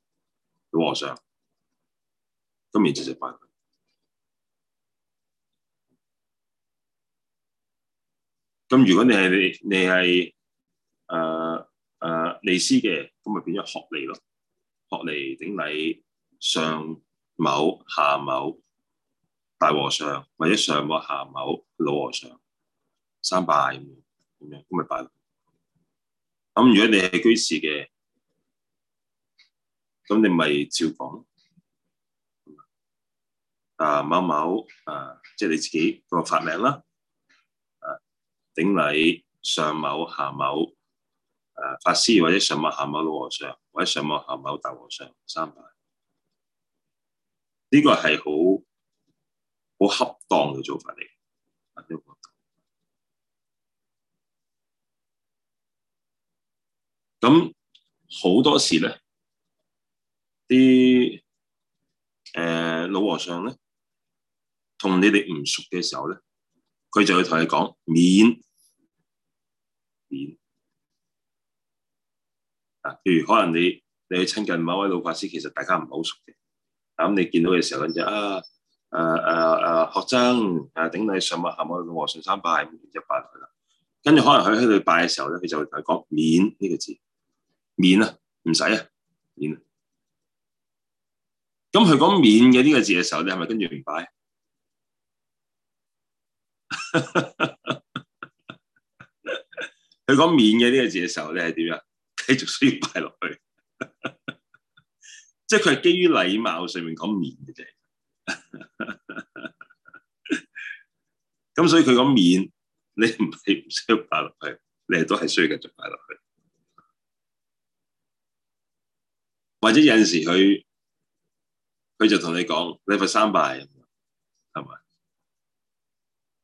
Speaker 1: 老和尚，咁然後就拜佢。咁如果你係你係誒誒尼師嘅，咁咪變咗學尼咯，學尼頂禮上某下某。大和尚，或者上某下某老和尚，三拜咁樣，咁咪拜。咁如果你係居士嘅，咁你咪照講。啊某某啊，即係你自己個法名啦。啊頂禮上某下某。啊法師或者上某下某老和尚，或者上某下某大和尚，三拜。呢個係好好恰當嘅做法嚟，咁、啊、好、這個、多時咧，啲誒、呃、老和尚咧，同你哋唔熟嘅時候咧，佢就會同你講免免啊。譬如可能你你去親近某位老法師，其實大家唔係好熟嘅，咁你見到嘅時候嗰陣啊。誒誒誒，學生誒，頂禮上麥下麥，和順三拜，咁就拜佢啦。跟住可能佢喺度拜嘅時候咧，佢就會同你講免呢個字，免啊，唔使啊，免啊。咁佢講免嘅呢個字嘅時候，你係咪跟住唔拜？佢講免嘅呢個字嘅時候，你係點樣繼續需要拜落去？即係佢係基於禮貌上面講免嘅啫。咁 所以佢個面，你唔係唔需要拜落去，你都係需要繼續拜落去。或者有陣時佢，佢就同你講你佛三拜，係咪？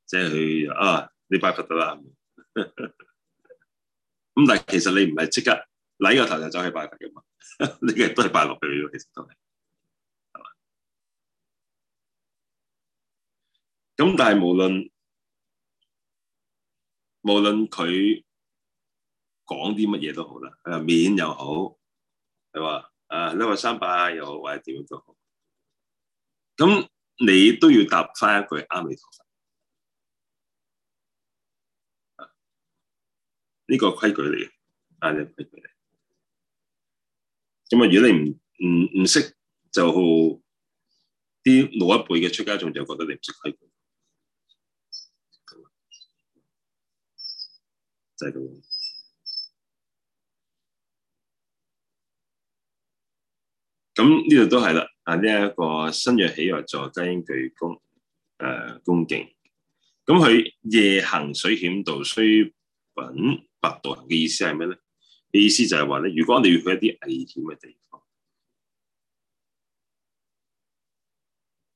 Speaker 1: 即係佢啊，你拜佛得啦。咁 但係其實你唔係即刻舐個頭就走去拜佛噶嘛，你 其實都係拜落去其實都係。咁但係無論無論佢講啲乜嘢都好啦，誒面又好，係話誒你話三百又好，或者點樣都好，咁你都要答翻一句阿彌陀佛，呢個規矩嚟嘅，啊呢、這個規矩嚟。咁啊，這個、如果你唔唔唔識，就啲老一輩嘅出家眾就覺得你唔識規矩。制度咁呢度都係啦。啊，呢一、這個身若起或坐，悉皆具恭，誒、呃，恭敬。咁佢夜行水險道，須稟白導行嘅意思係咩咧？嘅意思就係話咧，如果你要去一啲危險嘅地方，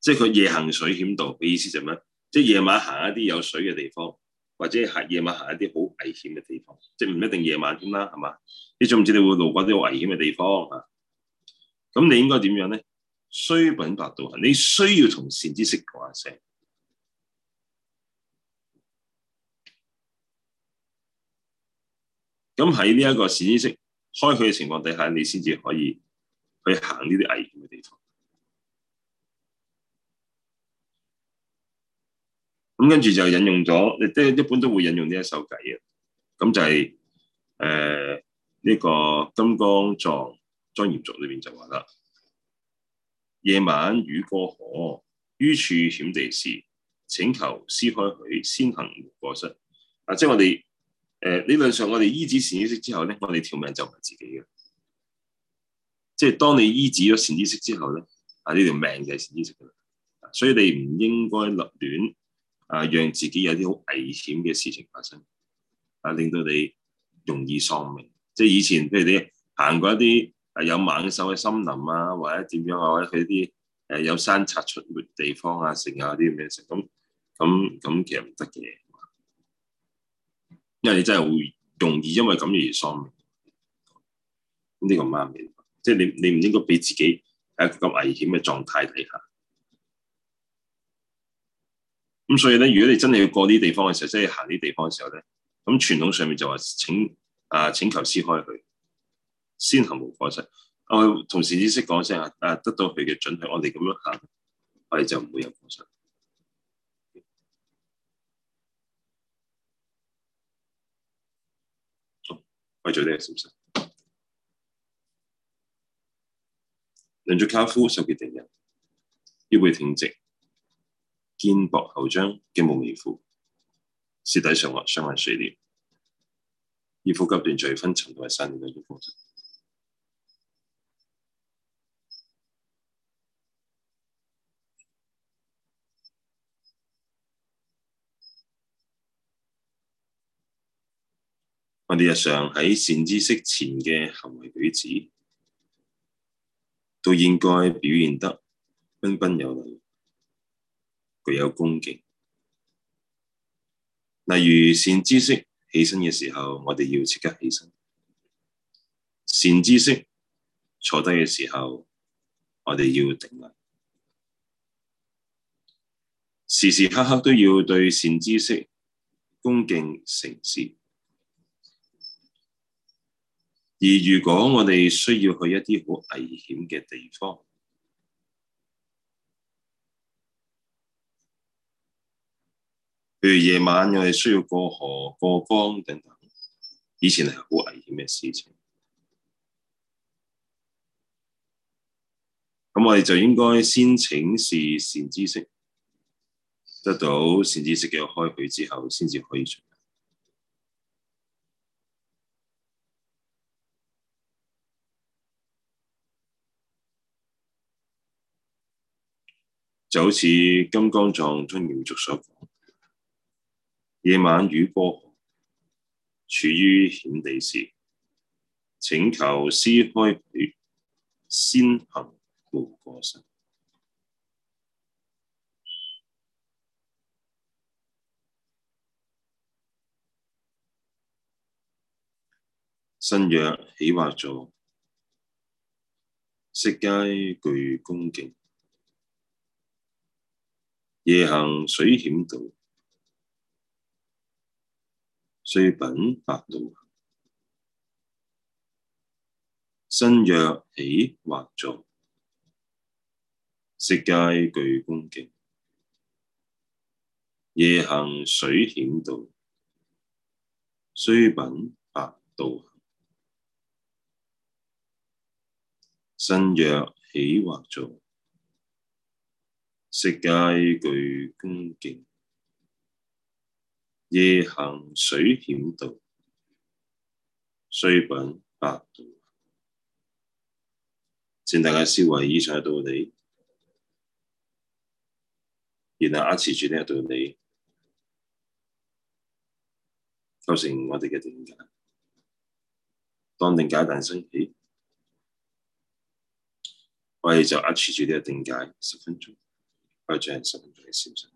Speaker 1: 即係佢夜行水險道嘅意思係咩？即係夜晚行一啲有水嘅地方。或者行夜晚行一啲好危險嘅地方，即係唔一定夜晚添啦，係嘛？你仲唔知你會路過啲好危險嘅地方啊！咁你應該點樣咧？須稟白導啊！你需要同善知識講下聲，咁喺呢一個善知識開許嘅情況底下，你先至可以去行呢啲危險嘅地方。咁跟住就引用咗，即係一般都會引用呢一首偈啊。咁就係誒呢個《金剛藏莊嚴續》裏邊就話啦：夜晚與過河，於處險地時，請求師開許，先行過失啊。即係我哋誒理論上，我哋依止善知識之後咧，我哋條命就唔係自己嘅。即係當你依止咗善知識之後咧，啊呢條命就係善知識噶啦。所以你唔應該立亂。啊，讓自己有啲好危險嘅事情發生，啊，令到你容易喪命。即係以前譬如你行過一啲啊有猛獸嘅森林啊，或者點樣啊，或者佢啲誒有山賊出沒地方啊，剩啊嗰啲咁嘅嘢，咁咁咁其實唔得嘅，因為你真係會容易因為咁而喪命。呢個唔啱嘅，即係你你唔應該俾自己喺一個咁危險嘅狀態底下。咁所以咧，如果你真係要過呢啲地方嘅時候，即係行呢啲地方嘅時候咧，咁傳統上面就話：請啊，請求師開許，先行無過失。我、啊、同善知識講聲啊，得到佢嘅准許，我哋咁樣行，我哋就唔會有過失。好，我做啲嘢先，兩隻卡夫受佢定人，要會停直。肩膊後張，肩毛微富，舌底上滑，雙眼垂簾，以呼吸斷續分層度為生。我哋日常喺善知識前嘅行為舉止，都應該表現得彬彬有禮，有恭敬，例如善知識起身嘅時候，我哋要即刻起身；善知識坐低嘅時候，我哋要頂禮。時時刻刻都要對善知識恭敬承事。而如果我哋需要去一啲好危險嘅地方，譬如夜晚我哋需要過河、過江等等，以前係好危險嘅事情。咁我哋就應該先請示善知識，得到善知識嘅開許之後，先至可以出。就好似金剛藏莊嚴續所講。夜晚與過河，處於險地時，請求師開許，先行無過失。身若起或坐，悉皆具恭敬。夜行水險道，須稟白導行，身若起或坐，悉皆具恭敬；夜行水險道，須稟白導行，身若起或坐，悉皆具恭敬。夜行水險道，須稟白導行。請大家思維以上道理，然後壓持住呢個道理，構成我哋嘅定解。當定解誕生起，我哋就壓持住呢個定解十分鐘，而將十分鐘消失。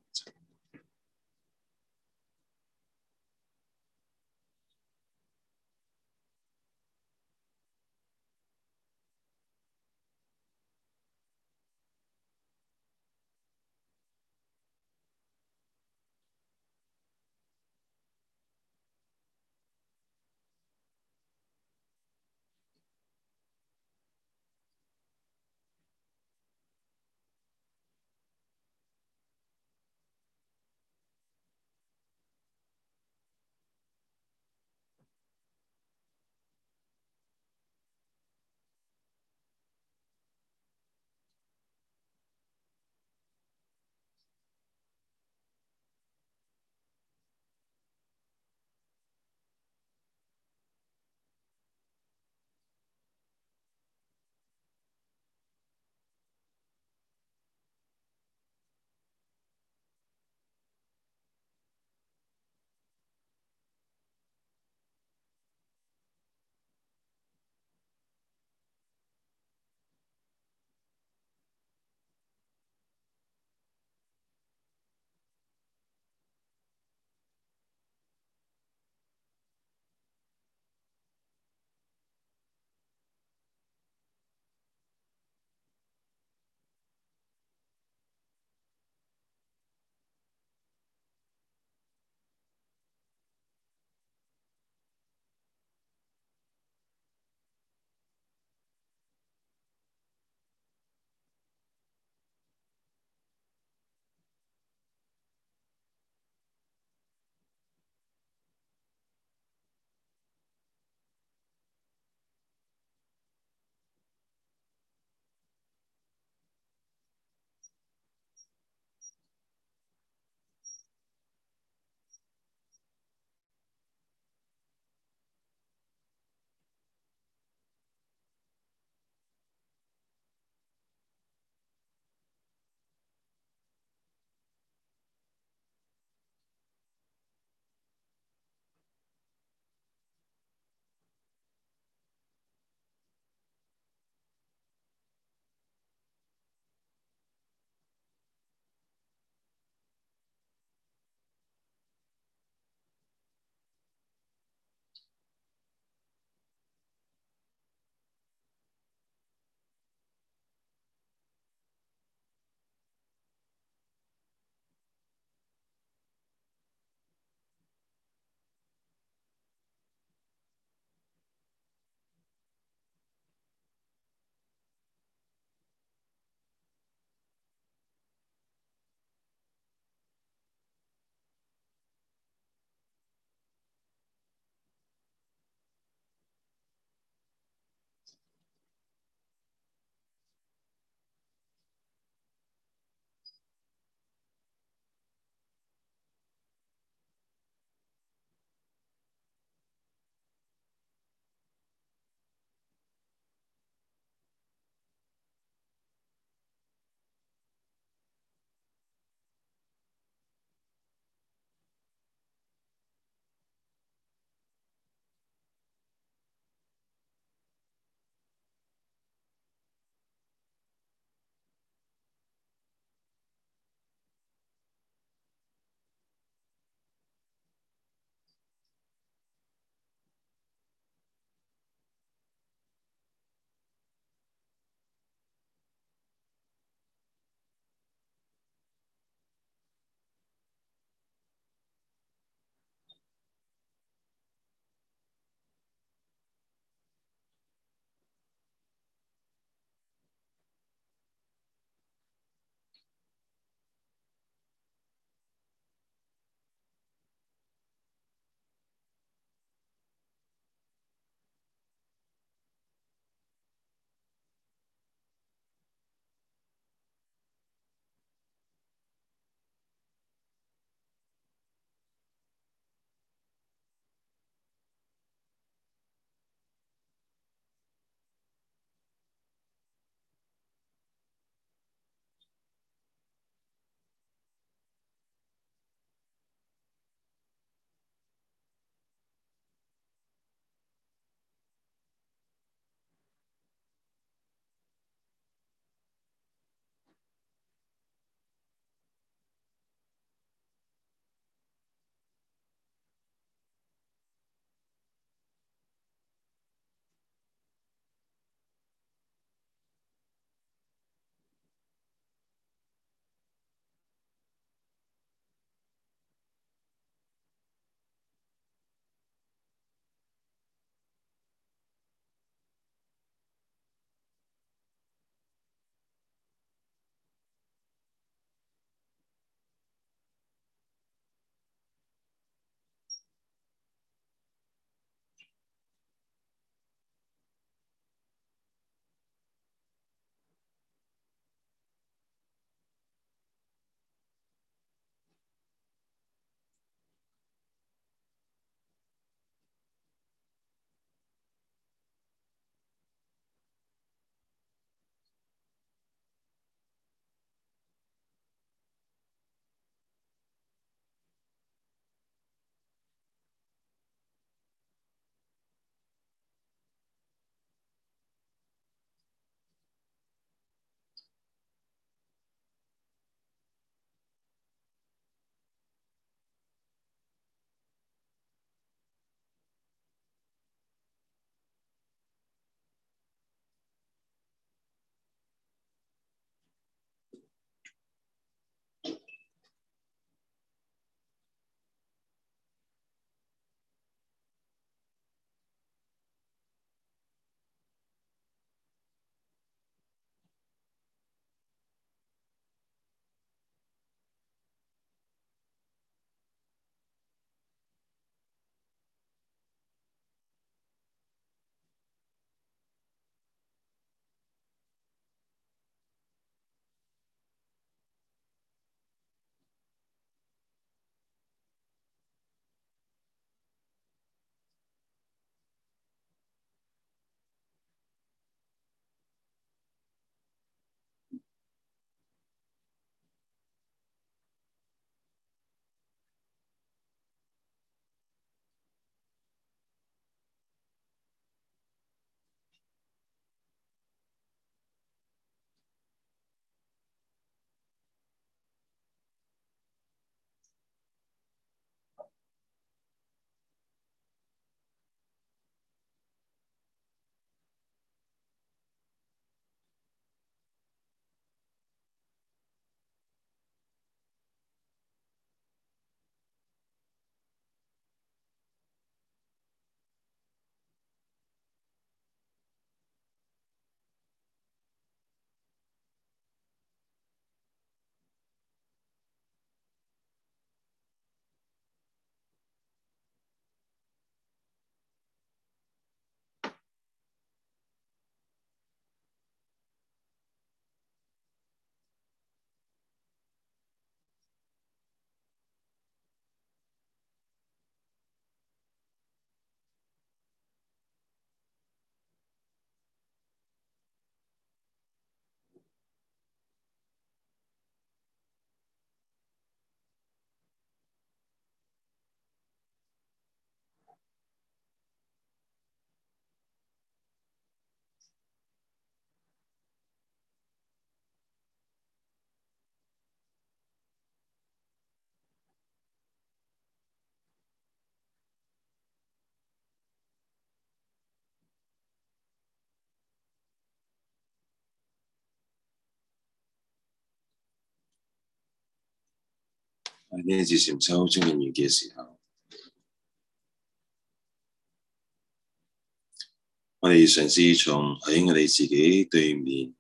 Speaker 1: 呢次禪修接近完結嘅時候，我哋嘗試從喺我哋自己對面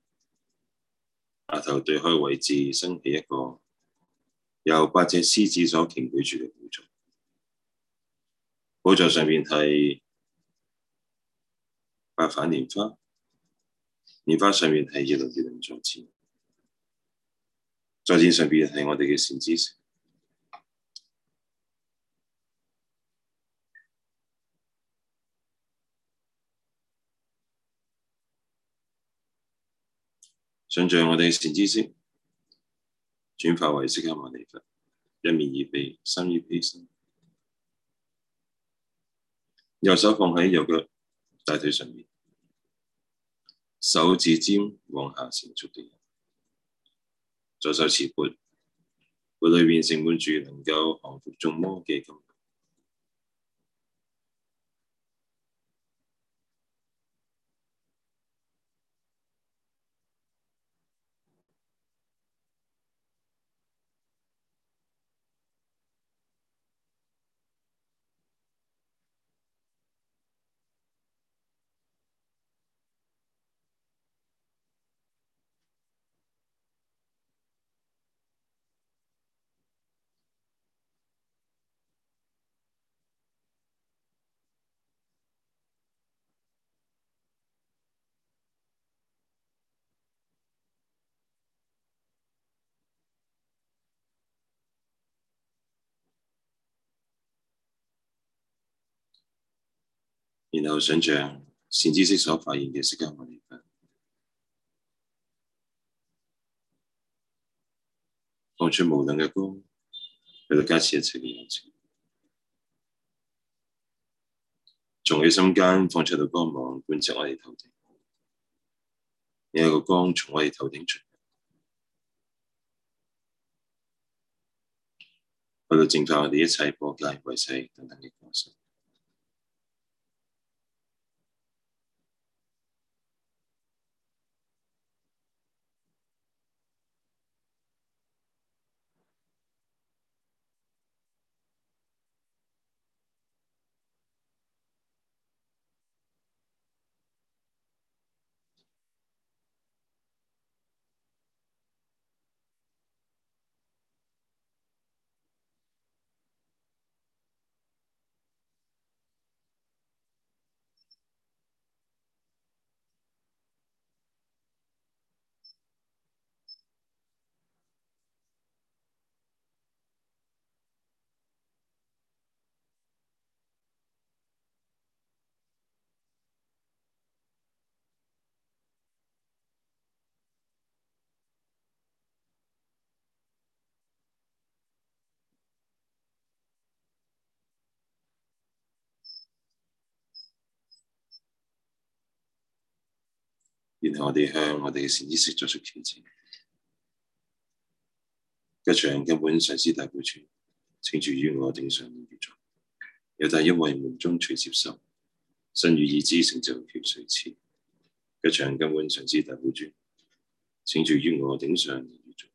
Speaker 1: 額頭對開位置升起一個由八隻獅子所擎舉住嘅寶座，寶座上面係八瓣蓮花，蓮花上面係日輪月輪座墊，座墊上面係我哋嘅善知識。想住我哋善知識轉化為釋迦牟尼佛，一面二臂，三衣披身。右手放喺右腳大腿上面，手指尖往下伸觸地。左手持缽，缽裏邊盛滿住能夠降服眾魔嘅金。然後想象善知識所發現嘅，釋迦牟尼佛，放出無量嘅光，嚟到加持一切嘅有情，從佢心間放出道光，光芒貫徹我哋頭頂，然後個光從我哋頭頂出去嚟到淨化我哋一切破戒違誓等等嘅東西。然後我哋向我哋善知識作出祈請，吉祥根本上師大寶尊，請住於我頂上而住。由大因位門中隨接受，身語意之成就其隨持。吉祥根本上師大寶尊，請住於我頂上而住。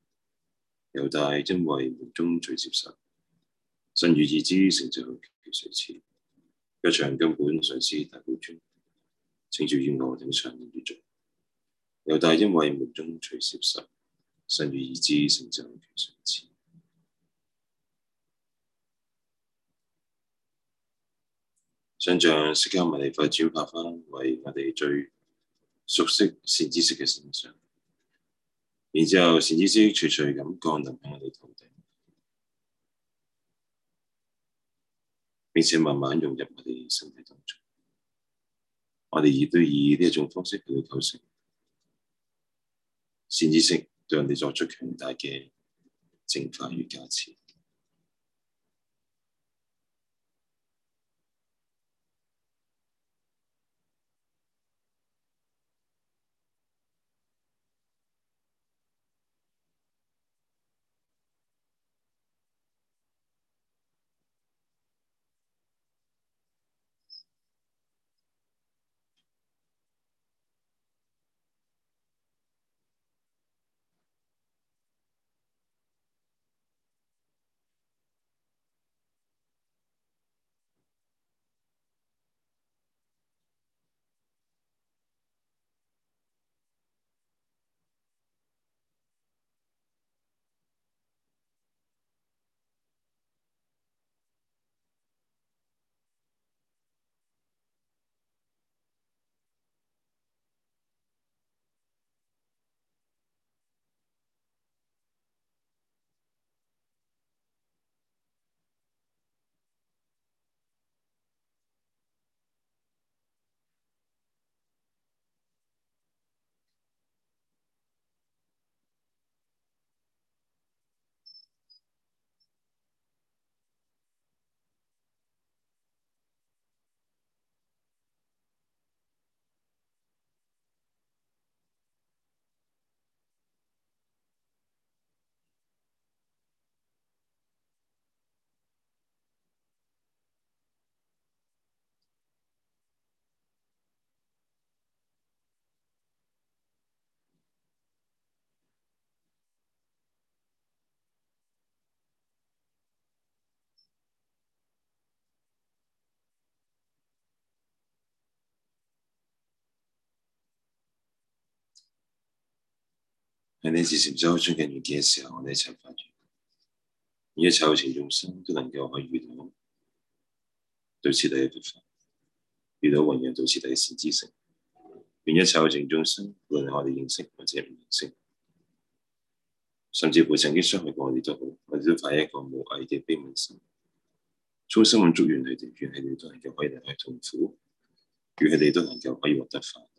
Speaker 1: 由大因位門中隨接受，身語意之成就其隨持。隨隨吉祥根本上師大寶尊，請住於我頂上而住。又大因位末中取攝實，甚如意至成長成相似，想象釋迦牟尼佛招拍翻，為我哋最熟悉善知識嘅形象。然之後善知，知識徐徐咁降臨喺我哋頭頂，並且慢慢融入我哋身體當中，我哋亦都以呢一種方式去構成。善知識對人哋作出強大嘅淨化與加持。喺你自禪修出近完結嘅時候，我哋一齊發願，願一切有情眾生都能夠可以遇到道次第嘅佛法，遇到弘揚道次第善知識。願一切有情眾生無論係我哋認識或者唔認識，甚至乎曾經傷害過我哋都好，我哋都發一個無偽嘅悲憫心，衷心咁祝願佢哋，願佢哋都能夠可以離開痛苦，願佢哋都能夠可以獲得快樂。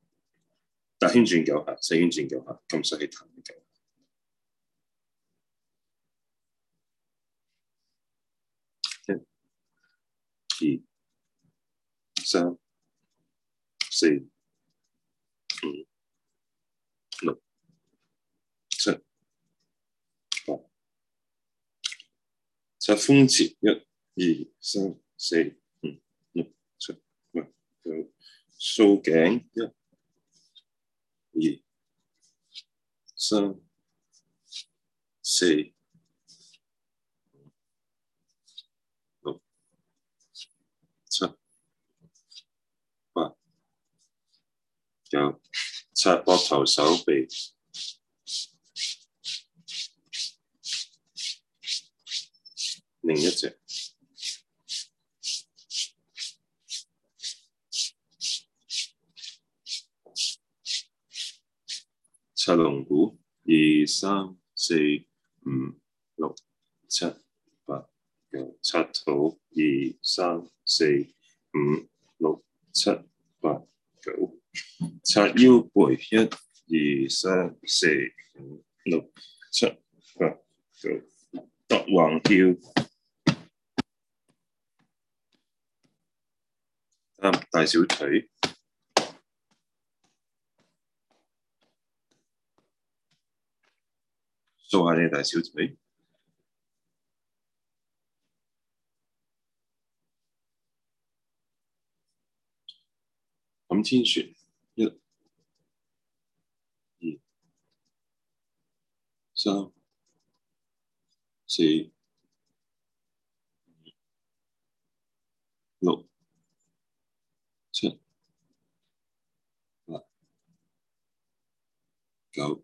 Speaker 1: 大圈轉九下，四圈轉九下，咁細氣彈嚟嘅。一、
Speaker 2: 二、
Speaker 1: 三、四、五、六、七、八、七風池，一、二、三、四、五、六、七、八，數頸一。一、二、三、四、五、六、七、八、九，擦膊頭、手臂，另一隻。擦龍骨，二三四五六七八九。又擦肚，二三四五六七八九。擦腰背，一二三四五六七八九。獨橫跳，加大小腿。好，我哋大少準備。咁天璇，一、二、三、四、五、六、七、八、九。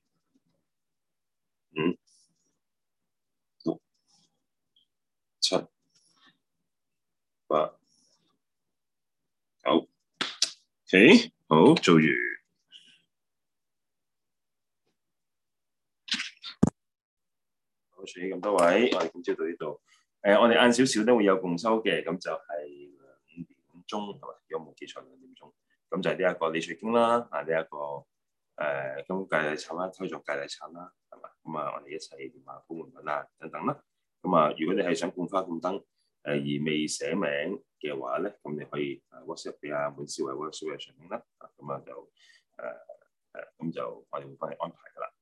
Speaker 1: 八 OK 好，做完，好，除咗咁多位，我哋今朝到呢度，誒、呃，我哋晏少少都會有共修嘅，咁就係五點鐘有冇記錯兩點鐘，咁就係呢一個李翠晶啦，啊呢一、這個誒，金、呃、界產啦，推做界地產啦，係嘛，咁啊，我哋一齊話高門檻啦，等等啦，咁啊，如果你係想換花換燈。誒而未寫名嘅話咧，咁你可以 WhatsApp 俾阿、啊、本少偉 WhatsApp 俾阿啦，啊咁啊就誒誒咁就我哋會幫你安排㗎啦。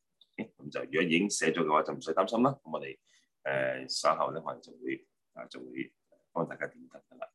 Speaker 1: 咁就如果已經寫咗嘅話，就唔使擔心啦。咁我哋誒稍後咧，我哋就會啊就會幫大家
Speaker 2: 點燈㗎啦。